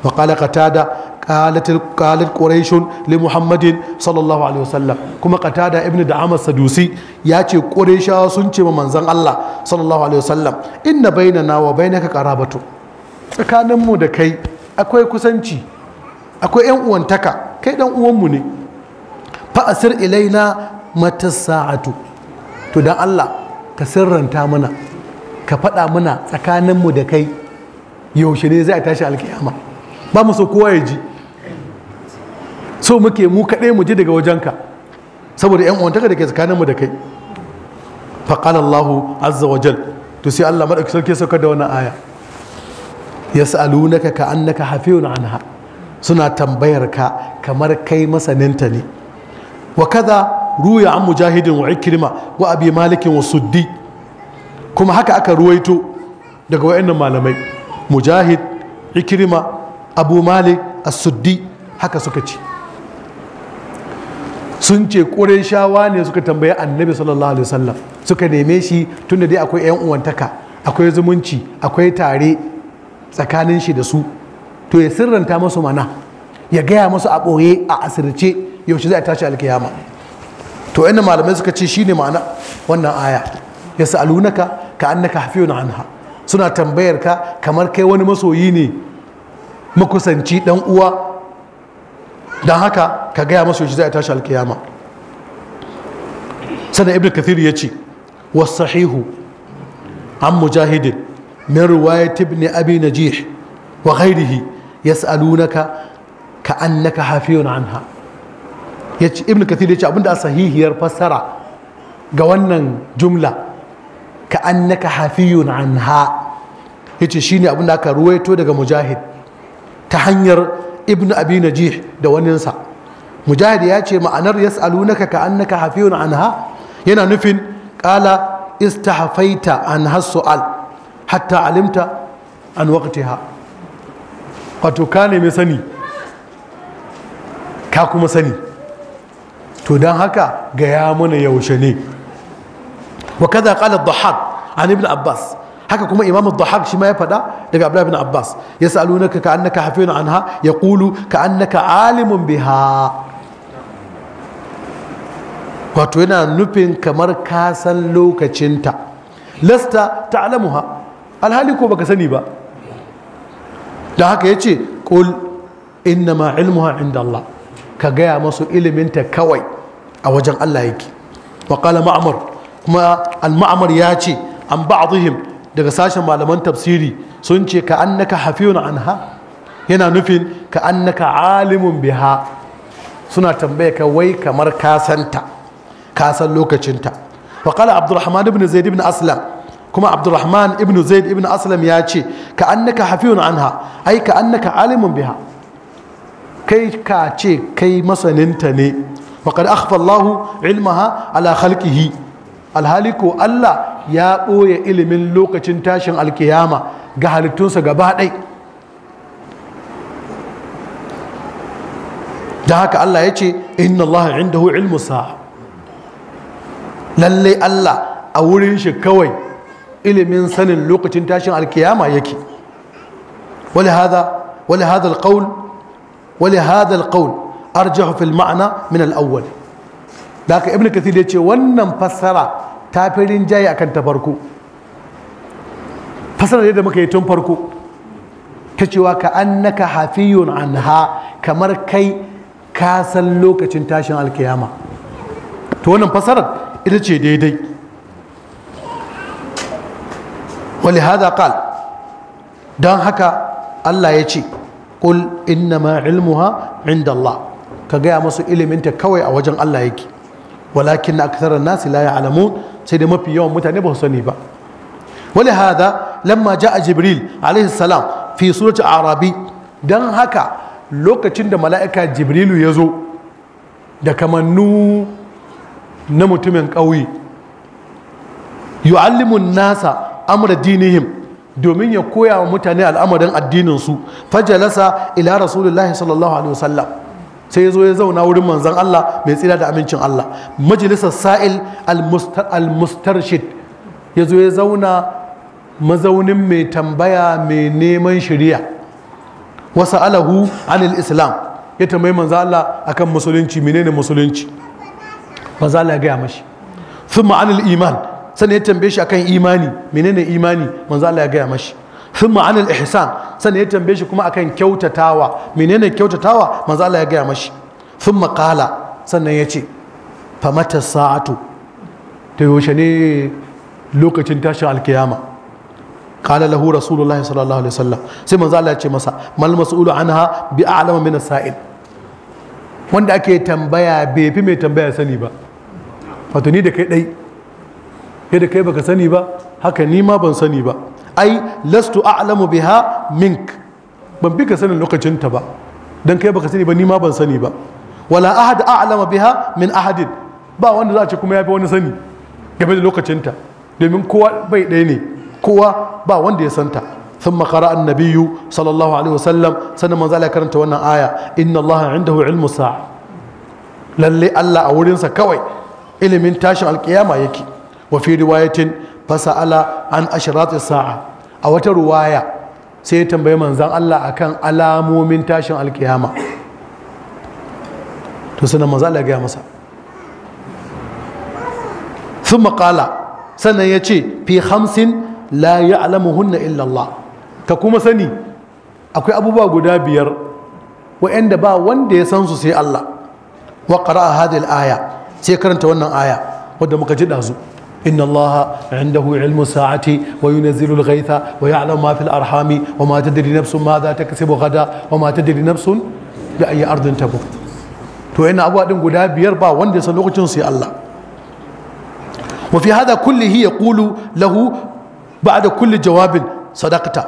Speaker 1: wa qala qatada qalat quraishun li muhammadin sallallahu alaihi wasallam kuma Katada, ibnu da da'ama sadusi ya ce quraishawa sun ce ma manzan Allah sallallahu alaihi wasallam inna bainana wa bainaka qarabatu tsakanin mu da kai akwai kusanci akwai yan uwantaka kai dan uwan mu ne fa ilaina mata sa'atu to dan Allah ka sirranta mana ka faɗa mana tsakaninmu da kai yaushe ne zai tashi alkiyama ba mu so kowa ya ji so muke mu kaɗai mu ji daga wajenka saboda yan uwantaka da ke tsakaninmu da kai faƙalar Allahu azza wa jal to sai Allah maɗauki sarki sauka da wannan aya yas'alunaka ka annaka hafiyun anha suna tambayar ka kamar kai masaninta ne wa kaza ruya an mujahidin wa ikrima wa abi malikin wa suddi kuma haka aka ruwaito daga wayannan malamai mujahid ikrima abu malik as-suddi haka suka ce sun ce shawa ne suka tambayi annabi sallallahu alaihi wasallam suka neme shi tunda dai akwai 'yan uwantaka akwai zumunci akwai tare tsakanin shi da su to ya sirranta masu mana ya gaya masu a ɓoye a asirce yaushe zai tashi alkiyama to yana malamai suka ce shi ne ma'ana wannan aya ya sa'alunaka ka annaka hafiyun anha suna tambayar ka kamar kai wani masoyi ne makusanci dan uwa don haka ka gaya masu yaushe za tashi alkiyama sannan ibn kathir ya ce wasahihu an mujahidin min riwayat ibn abi najih wa ghairihi yas'alunaka ka annaka hafiyun anha yace ibn kathir yace abinda sahihiyar fassara ga wannan jumla ka annaka hafiyun anha yace shine abinda aka ruwaito daga mujahid ta hanyar ibnu abi najih da waninsa mujahid ya ce ma'anar yas'alunaka ka annaka hafiyun anha yana nufin qala istahfaita an hasu'al hatta alimta an waqtiha wato ka nemi sani ka kuma sani to don haka gaya mana yaushe ne wa kaza qala dhahab an ibnu abbas haka kuma imam dhahab shi ma ya faɗa daga Abdullahi bin abbas yasalunaka ka annaka hafiyun anha yaqulu ka annaka alimun biha wato yana nufin kamar ka san lokacinta lasta ta'lamuha alhali ko baka sani ba da haka yace qul innama ilmuha inda allah ka gaya masu iliminta kawai a wajen allah yake wa qala ma'mar kuma al-ma'mar ya ce an ba'dihim daga sashen malaman tafsiri sun ce ka annaka hafiyun anha yana nufin ka annaka alimun biha suna tambaya ka wai kamar kasanta kasan lokacinta wa qala abdurrahman ibn zaid ibn aslam kuma abdurrahman ibn zaid ibn aslam ya ce ka annaka hafiyun anha ai ka annaka alimun biha kai ka ce kai masaninta ne wa qad akhfa ilmaha ala khalqihi alhali Allah ya ɓoye ilimin lokacin tashin alkiyama ga halittunsa gaba ɗai da haka Allah ya ce inna Allah inda ilmu sa'a lallai Allah a wurin shi kawai ilimin sanin lokacin tashin alkiyama yake ولهذا hada القول ولهذا القول أرجح في المعنى da haka ibn kathir ya ce wannan fassara ta fi rinjaye kan ta farko fassara da muka yi tun farko ta cewa ka annaka hafiyun anha kamar kai ka san lokacin tashin alkiyama to wannan fasarar ita ce daidai wali hada kal don haka Allah ya ce inna ma ilmuha inda Allah ka gaya masu iliminta kawai a wajen Allah yake walakin na aksarar nasi la ya'lamun sai da mafi yawan mutane ba su sani ba wani hada lamma ja'a jibril alaihi salam fi surati arabi dan haka lokacin da mala'ika jibrilu ya zo da kamannu na mutumin ƙauye yu'allimun nasa amra dinihim domin ya koya wa mutane al'amarin addininsu fajalasa ila rasulullahi sallallahu alaihi wasallam sai ya zo ya zauna wurin manzan Allah mai tsira da amincin Allah majalisar sa'il al-mustarshid ya zo ya zauna mazaunin mai tambaya mai neman shari'a wasu alahu anil islam ya tambayi manzan Allah akan musulunci menene musulunci manzan ya gaya mashi thumma anil iman sannan ya tambaye shi akan imani menene imani manzan Allah ya gaya mashi Sun Ma'anar ihsan sannan ya tambaye shi kuma akan kyautatawa menene kyautatawa manzo Allah ya gaya mashi Sun maƙala, sannan ya ce fa sa'atu ta yaushe ne lokacin tashin alkiyama Kala lahu rasulullahi sallallahu alaihi wasallam sai manzo Allah ya ce masa mal mas'ulu anha bi a'lama min as-sa'il wanda ake tambaya bai fi mai tambaya sani ba wato ni da kai dai kai da kai baka sani ba haka ni ma ban sani ba ai lastu a'lamu biha mink ban bi ka sanin lokacinta ba dan kai baka sani ba ni ma ban sani ba wala ahad a'lama biha min ahadin ba wanda za a ce kuma ya fi wani sani game da lokacinta domin kowa bai ɗaya ne kowa ba wanda ya santa ثم قرأ النبي صلى الله عليه وسلم سنة من ذلك كرنت وانا آية إن الله عنده علم الساعة للي الله أولين سكوي إلي من تاشن القيامة يكي وفي رواية fasa'ala an ashratis sa'a a wata ruwaya sai ya tambayi manzan Allah akan alamomin tashin alkiyama to sai manzon Allah ya masa Sun maƙala, sannan ya ce fi hamsin la ya'lamuhunna illa illallah. ka kuma sani akwai abubuwa guda biyar wa'anda ba wanda ya san su sai Allah wa qara'a hadhihi al-aya sai karanta wannan aya wadda muka ji ɗazu. إن الله عنده علم الساعة وينزل الغيث ويعلم ما في الأرحام وما تدري نفس ماذا تكسب غدا وما تدري نفس بأي أرض تموت تو إن أبو أدم قد بيربع وندي صلوك جنسي الله وفي هذا كله يقول له بعد كل جواب صدقت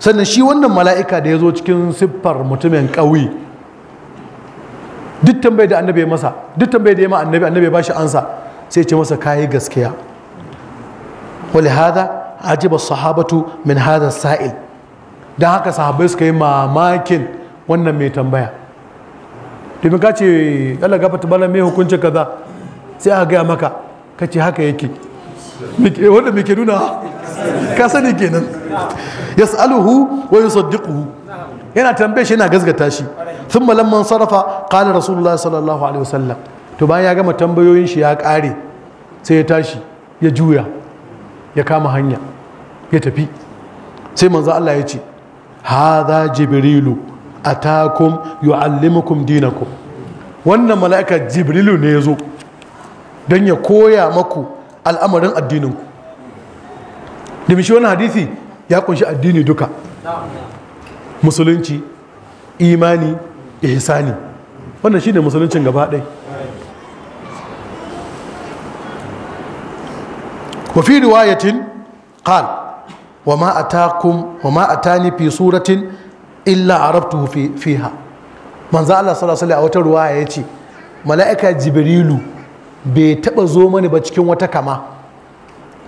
Speaker 1: sannan shi wannan mala'ika da ya zo cikin siffar mutumin ƙauye duk tambayar da annabi masa duk tambayar da ya ma annabi annabi ba shi ansa sai ce masa kayi gaskiya wale hada ajiba sahabatu min hada sa'il don haka sahabai suka yi mamakin wannan mai tambaya domin ka ce Allah gafata bala mai hukunci kaza sai a gaya maka ka ce haka yake wanda mai ke nuna ka sani kenan yas'aluhu wa yusaddiquhu yana tambaye shi yana gazgata shi thumma lamman sarafa qala rasulullah sallallahu alaihi wasallam to bayan ya gama tambayoyin shi ya kare sai ya tashi ya juya ya kama hanya ya tafi sai manzo Allah ya ce hadha jibrilu atakum yuallimukum dinakum wannan mala'ika jibrilu ne ya zo don ya koya maku al'amarin addinin ku da shi wannan hadisi ya kunshi addini duka musulunci imani ihsani wannan shine musuluncin gaba ɗaya wa fi riwayatin qal wa ma atakum wa ma atani fi suratin illa arabtuhu fiha manzo Allah sallallahu alaihi a wata ruwa ya ce. mala'ika jibrilu bai taba zo mani ba cikin wata kama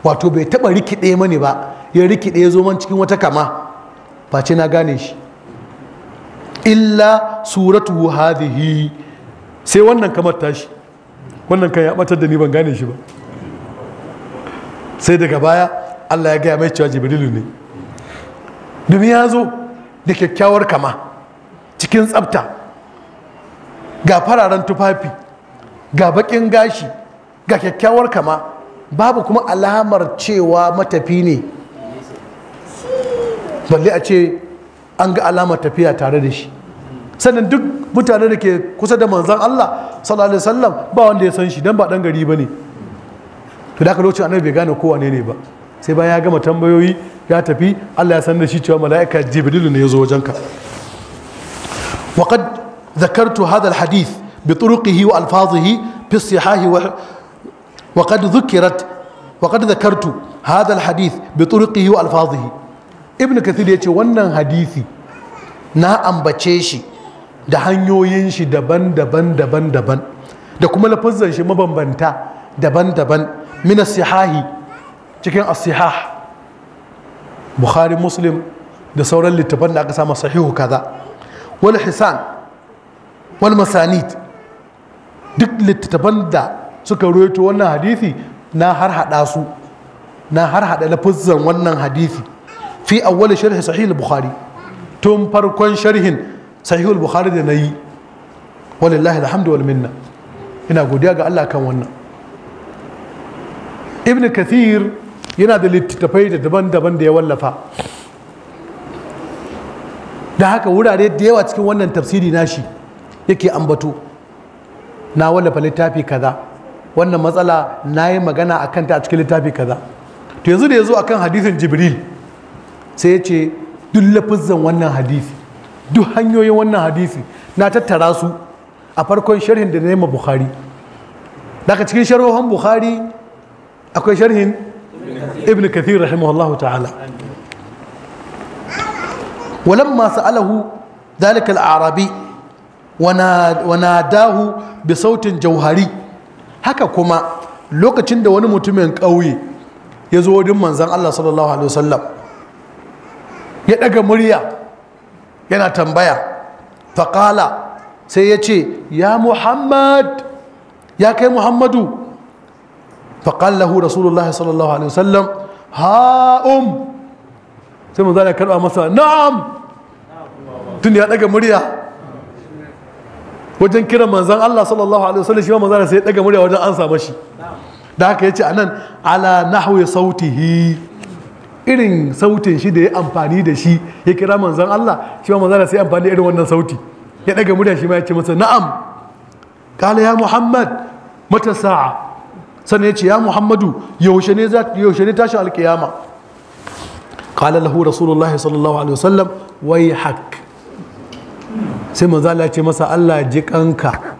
Speaker 1: wato bai taba rikide mani ba ya rikide ya zo mani cikin wata kama face na gane shi illa suratu suratuhu hadhihi sai wannan kamar tashi wannan kan ya batar da ni ban gane shi ba sai daga baya Allah ya gaya mai cewa jibrilu ne domin ya zo da kyakkyawar kama cikin tsafta ga fararen tufafi ga bakin gashi ga kyakkyawar kama babu kuma alamar cewa matafi ne balle a ce an ga alamar tafiya tare da shi sannan duk mutane da ke kusa da manzan Allah sallallahu alaihi wasallam ba wanda ya san shi dan ba dan gari ba ne to da lokacin annabi bai gane ko wane ne ba sai bayan ya gama tambayoyi ya tafi Allah ya san da shi cewa mala'ika jibrilu ne ya zo wajenka wa qad dhakartu hadha alhadith bi turuqihi wa alfazihi fi sihahi wa wa qad dhukirat wa qad dhakartu hadha alhadith bi turuqihi wa alfazihi ibn kathir yace wannan hadisi na ambace shi da hanyoyin shi daban-daban daban-daban da kuma lafazzan shi mabambanta daban-daban Mina sihahi cikin as-sihah bukhari muslim da sauran littafan da aka samu sahihu kaza wal hisan wal masanid duk littattafan da suka roto wannan hadithi na har hada su na har hada lafuzzan wannan hadithi fi awwal sharh sahih al-bukhari tun farkon sharhin sahih al-bukhari da nayi walillahi alhamdu wal minna ina godiya ga Allah kan wannan ibn kathir yana da littattafai da daban-daban da ya wallafa da haka wurare da yawa cikin wannan tafsiri nashi yake ambato na wallafa littafi kaza wannan matsala na yi magana a kanta a cikin littafi kaza to yanzu da ya zo akan hadisin jibril sai ya ce duk lafizan wannan hadisi duk hanyoyin wannan hadisi na tattara su a farkon sharhin da na yi ma bukhari daga cikin sharhohan bukhari akwai sharhin ibn kathir rahimahullahu ta'ala ولما arabi, wana الأعرابي وناداه sautin jauhari haka kuma lokacin da wani mutumin ƙauye ya zo wajen manzan Allah sallallahu alaihi wasallam ya ɗaga murya yana tambaya faƙala sai ya ce ya muhammad ya kai muhammadu فقال له رسول الله صلى الله عليه وسلم ها أم sai manzo ya masa na'am tun ya daga murya wajen kiran manzon Allah sallallahu alaihi wasallam shi ma manzo sai ya daga murya wajen da haka ce anan ala ya sautihi irin sautin shi da ya amfani da shi ya kira manzan Allah shi ma manzo sai amfani da irin wannan sauti ya daga murya shi ma ya ce masa na'am kala ya muhammad mata sa'a sannan ya ce ya muhammadu yaushe ne yaushe ne alkiyama qala lahu rasulullahi sallallahu alaihi wasallam wai hak sai manzo Allah ce masa Allah ji kanka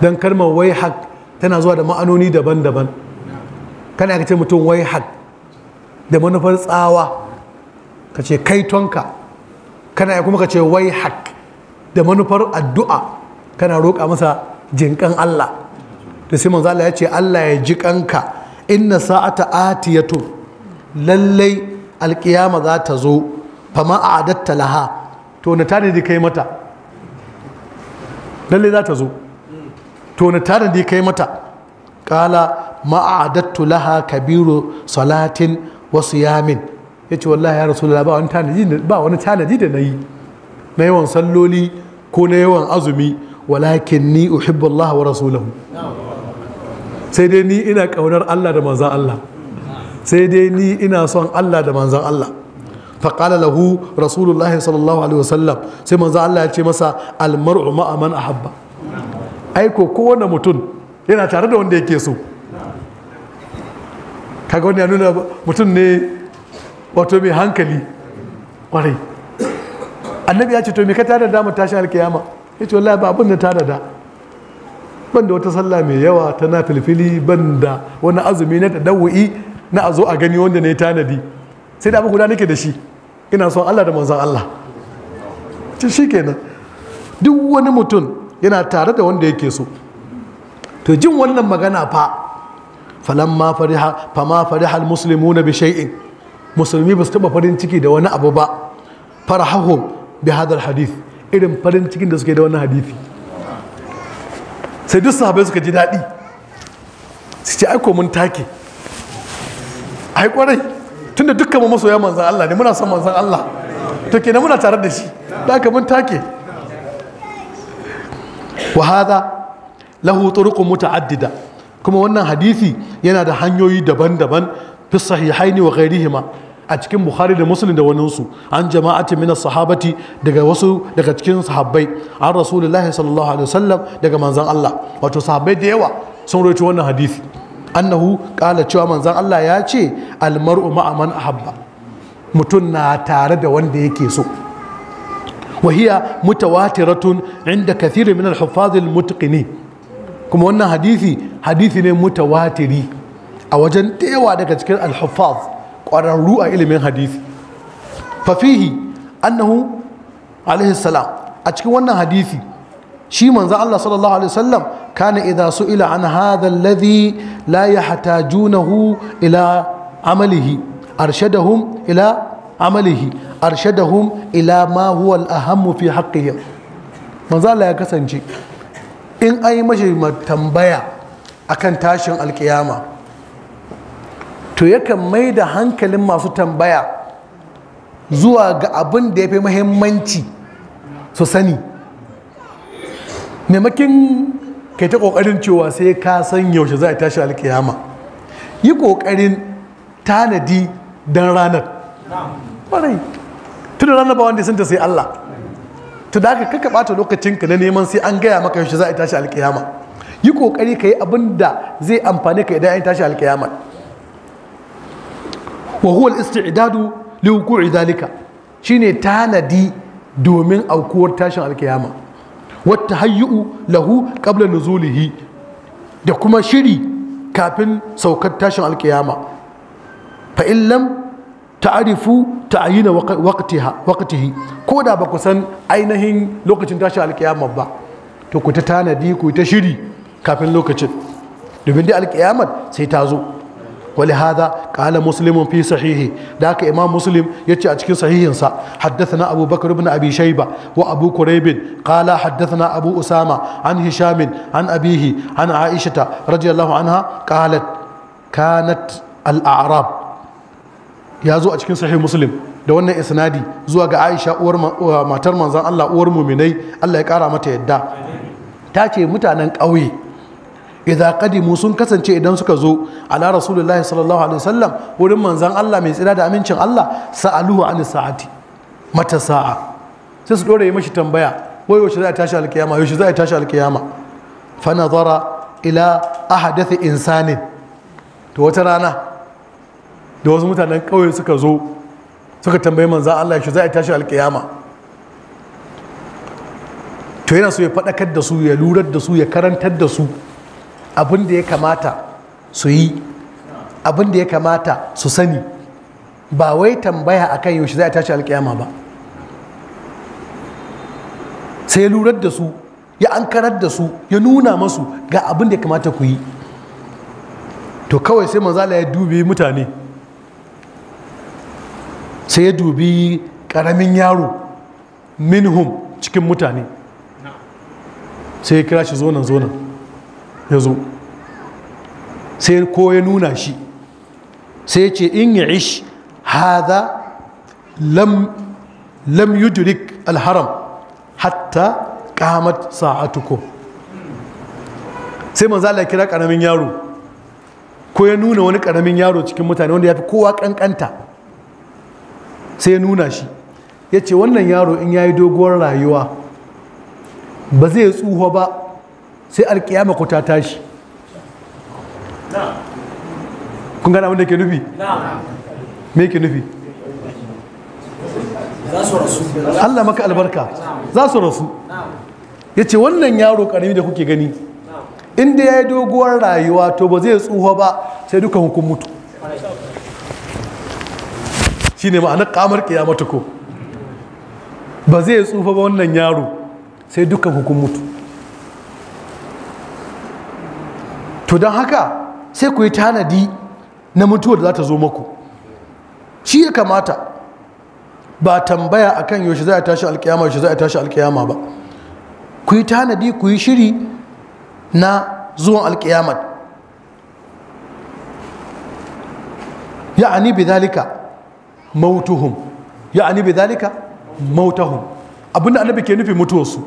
Speaker 1: dan kalmar wai hak tana zuwa da ma'anoni daban-daban kana ka ce mutum wai hak da manufar tsawa ka ce kaitonka kana kuma ka ce wai hak da manufar addu'a kana roƙa masa jinkan Allah da sai manzo Allah ya ce Allah ya ji kanka inna sa'ata atiyatu lallai alkiyama za ta zo fama a'adatta laha to na tanadi kai mata lallai za ta zo to na da kai mata kala ma'adattu laha kabiru salatin wasu yamin ya ce wallahi ya rasu ba wani tanadi ba wani tanadi da nayi na yawan salloli ko na yawan azumi walakin ni uhibbu Allah wa rasulahu sai dai ni ina ƙaunar Allah da manzan Allah sai dai ni ina son Allah da manzan Allah faƙala lahu rasulullahi sallallahu alaihi wasallam sai manzan Allah ya ce masa almar'u ma'a man ahabba aiko kowane mutum yana tare da wanda yake so kaga wani ya nuna mutum ne wato mai hankali kwarai annabi ya ce to me ka tada da mu tashi alkiyama ya ce wallahi ba abin da tada da ban da wata sallah mai yawa ta na filfili ban da wani azumi na tadawu'i na a zo a gani wanda na yi tanadi sai da abu guda nake da shi ina son Allah da manzan Allah ci shi kenan duk wani mutum yana tare da wanda yake so to jin wannan magana fa ma fariha fari fariha almuslimuna bi shay'in musulmi ba su taba farin ciki da wani abu ba farahahum bi hadal hadith irin farin cikin da suke da wani hadisi sai duk sahabai suka ji daɗi su ce aiko mun take ai kwarai tunda dukkan mu masoya manzan Allah ne muna son manzan Allah to kenan muna tare da shi da aka mun take wa hadha lahu turuqun muta'addida kuma wannan hadisi yana da hanyoyi daban-daban fi sahihaini wa ghairihima a cikin bukhari da muslim da waninsu an jama'atin minas sahabati daga wasu daga cikin sahabbai an rasulullahi sallallahu alaihi wasallam daga manzan Allah wato sahabbai da yawa sun rawaito wannan hadisi annahu kala cewa manzan Allah ya ce al-mar'u ma'a man ahabba mutum na tare da wanda yake so وهي متواترة عند كثير من الحفاظ المتقنين كما أن حديثي حديثي متواتري daga cikin al الحفاظ ƙwararru a ilimin hadisi fafihi annahu alaihi salam a cikin wannan hadisi shi manzo Allah sallallahu alaihi wasallam kana idza su'ila an hadha alladhi la yahtajunahu ila amalihi arshadahum ila amalihi arshadahum ila ma huwa al-ahammu fi haqqihim manzo Allah ya kasance in ai mashi tambaya akan tashin alkiyama to yakan mai da hankalin masu tambaya zuwa ga abin da ya fi muhimmanci su sani maimakin kai ta ƙoƙarin cewa sai ka san yaushe za a tashi alkiyama yi ƙoƙarin tanadi don ranar ƙwarai tun ranar ba wanda ya ta sai Allah ta da aka kaka ɓata lokacinka na neman sai an gaya maka yaushe za a tashi alkiyama yi ƙoƙari ka yi abin da zai amfani ka idan an tashi alkiyama wa huwa al-istidadu li shine tanadi domin aukuwar tashin alkiyama wa hayyu'u lahu qabla nuzulihi da kuma shiri kafin saukar tashin alkiyama fa in ta ta'rifu ta'yina waqtiha waqtihi ko da ba ku san ainihin lokacin tashin alkiyama ba to ku ta tanadi ku ta shiri kafin lokacin domin dai alkiyamar sai ta zo ولهذا قال مسلم في صحيحه ذاك امام مسلم يتي a cikin sahihinsa حدثنا ابو بكر بن ابي شيبه وابو كريب قال حدثنا ابو اسامه عن هشام عن ابيه عن عائشه رضي الله عنها قالت كانت الاعراب yazo a cikin sahih muslim da wannan isnadi zuwa ga Aisha uwar matar manzon Allah uwar muminai Allah ya kara mata yadda ta ce mutanen ƙauye idza qadimu sun kasance idan suka zo ala rasulullahi sallallahu alaihi wasallam wurin manzon Allah mai tsira da amincin Allah sa'aluhu an sa'ati mata sa'a sai su dore mashi tambaya wai yaushe za a tashi alkiyama yaushe za a tashi alkiyama fa nazara ila ahadathi insanin to wata rana da wasu mutanen kauye suka zo suka tambayi manzon Allah yaushe za a tashi alkiyama to yana so ya faɗakar da su ya lurar da su ya karantar da su abin da ya kamata su yi abin da ya kamata su sani ba wai tambaya akan yaushe za a tashi alkiyama ba sai lurar da su ya ankarar da su ya nuna masu ga abin da ya kamata ku yi to kawai sai manzala ya dubi mutane sai ya dubi karamin yaro minhum cikin mutane sai ya kira shi zonan zonan ya zo sai ko ya nuna shi sai ce in ya ish haza lam yudrik alharam hatta kamat sa'atukum sai manzala ya kira karamin yaro ko ya nuna wani karamin yaro cikin mutane wanda ya fi kowa kankanta sai ya nuna shi ya ce wannan yaro in ya yi doguwar rayuwa ba zai tsuho ba sai alkiyama ku ta tashi kun gana abin da ke nufi me ke nufi Allah maka albarka za su rasu ya ce wannan yaro karami da kuke gani inda ya yi doguwar rayuwa to ba zai tsuho ba sai duka hukun mutu shi ne ma'anar kamar kiyamata ko ba zai tsufa ba wannan yaro sai dukan hukun mutu to don haka sai ku yi tanadi na mutuwar da za ta zo muku shi ya kamata ba tambaya akan yaushe za a tashi alkiyama yaushe za a tashi alkiyama ba ku yi tanadi ku yi shiri na zuwan alkiyama ya'ani zalika mautuhum ya'ani zalika mautahum abinda annabi ke nufi mutuwarsu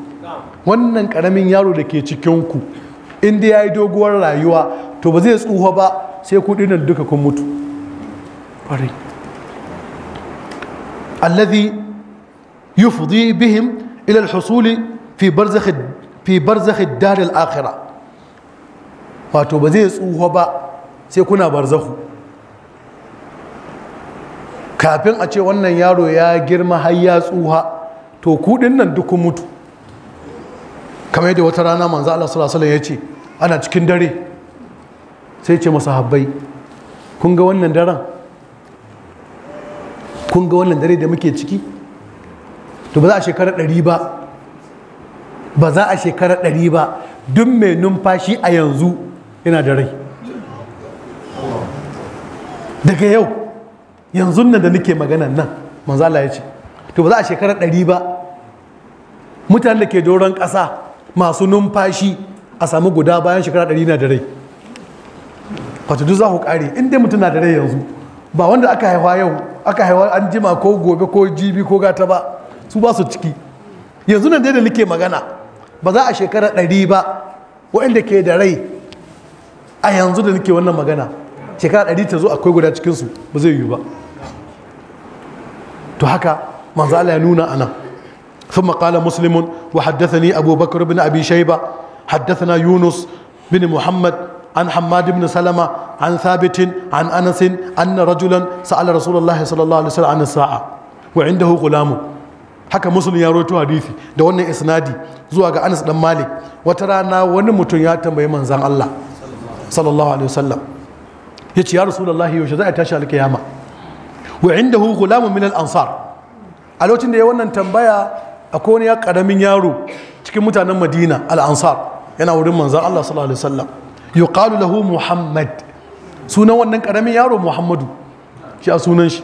Speaker 1: wannan karamin yaro da ke cikinku in dai yi doguwar rayuwa to ba zai tsuha ba sai ku nan duka kun mutu kwarai alladhi yufdi bihim ila al-husul fi barzakh fi barzakh ad-dar al-akhirah wato ba zai tsuha ba sai kuna barzahu kafin a ce wannan yaro ya girma har ya tsuha to kudin nan duk mutu kamar yadda wata rana manzo Allah sallallahu alaihi ya ce ana cikin dare sai ce masa habbai kun ga wannan daren kun ga wannan dare da muke ciki to ba za a shekara ɗari ba ba za a shekara ɗari ba duk mai numfashi a yanzu yana da rai daga yau yanzu nan da nake maganan nan manzo Allah ya ce to ba za a shekara ɗari ba mutanen da ke doron ƙasa masu numfashi a samu guda bayan shekara ɗari na da rai wato duk za ku kare inda mutum na da rai yanzu ba wanda aka haihuwa yau aka haihuwa an jima ko gobe ko jibi ko gata ba su ba su ciki yanzu nan dai da nake magana ba za a shekara ɗari ba waɗanda ke da rai a yanzu da nake wannan magana shekara ɗari ta zo akwai guda cikinsu ba zai yiwu ba to haka manzo Allah ya nuna anan ثم قال مسلم وحدثني أبو بكر بن أبي شيبة حدثنا يونس بن محمد عن حماد بن سلمة عن ثابت عن أنس أن رجلا سأل رسول الله صلى الله عليه وسلم عن الساعة وعنده غلام haka musulun ya roto hadisi da wannan isnadi zuwa ga anas dan malik wata rana wani mutum ya tambayi manzan allah sallallahu alaihi wasallam ya ce ya rasulullahi yaushe za a tashi alkiyama wa indahu ansar a da ya wannan tambaya akwai wani ya karamin yaro cikin mutanen madina al'ansar yana wurin manzan allah sallallahu alaihi wasallam yuqalu lahu muhammad sunan wannan karamin yaro muhammadu shi a sunan shi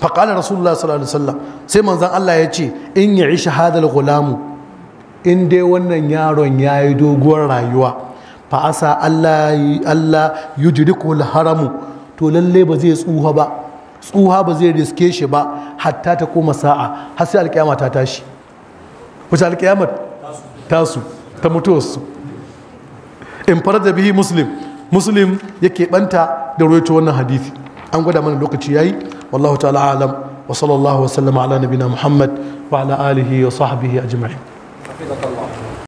Speaker 1: faƙalar rasulullah sallallahu alaihi wasallam sai manzan allah ya ce in ya ishi hadal gulamu in dai wannan yaron ya yi doguwar rayuwa fa asa allah yudrikul haramu to lallai ba zai tsuha ba tsuha ba zai riske shi ba hatta ta koma sa'a har sai alkiyama ta tashi wace alkiyama tasu ta su. in da bihi muslim muslim ya banta da ruwaito wannan hadithi an gwada mana lokaci yayi wallahu ta'ala alam wa sallallahu wa sallama ala nabina muhammad wa ala alihi wa sahbihi ajma'in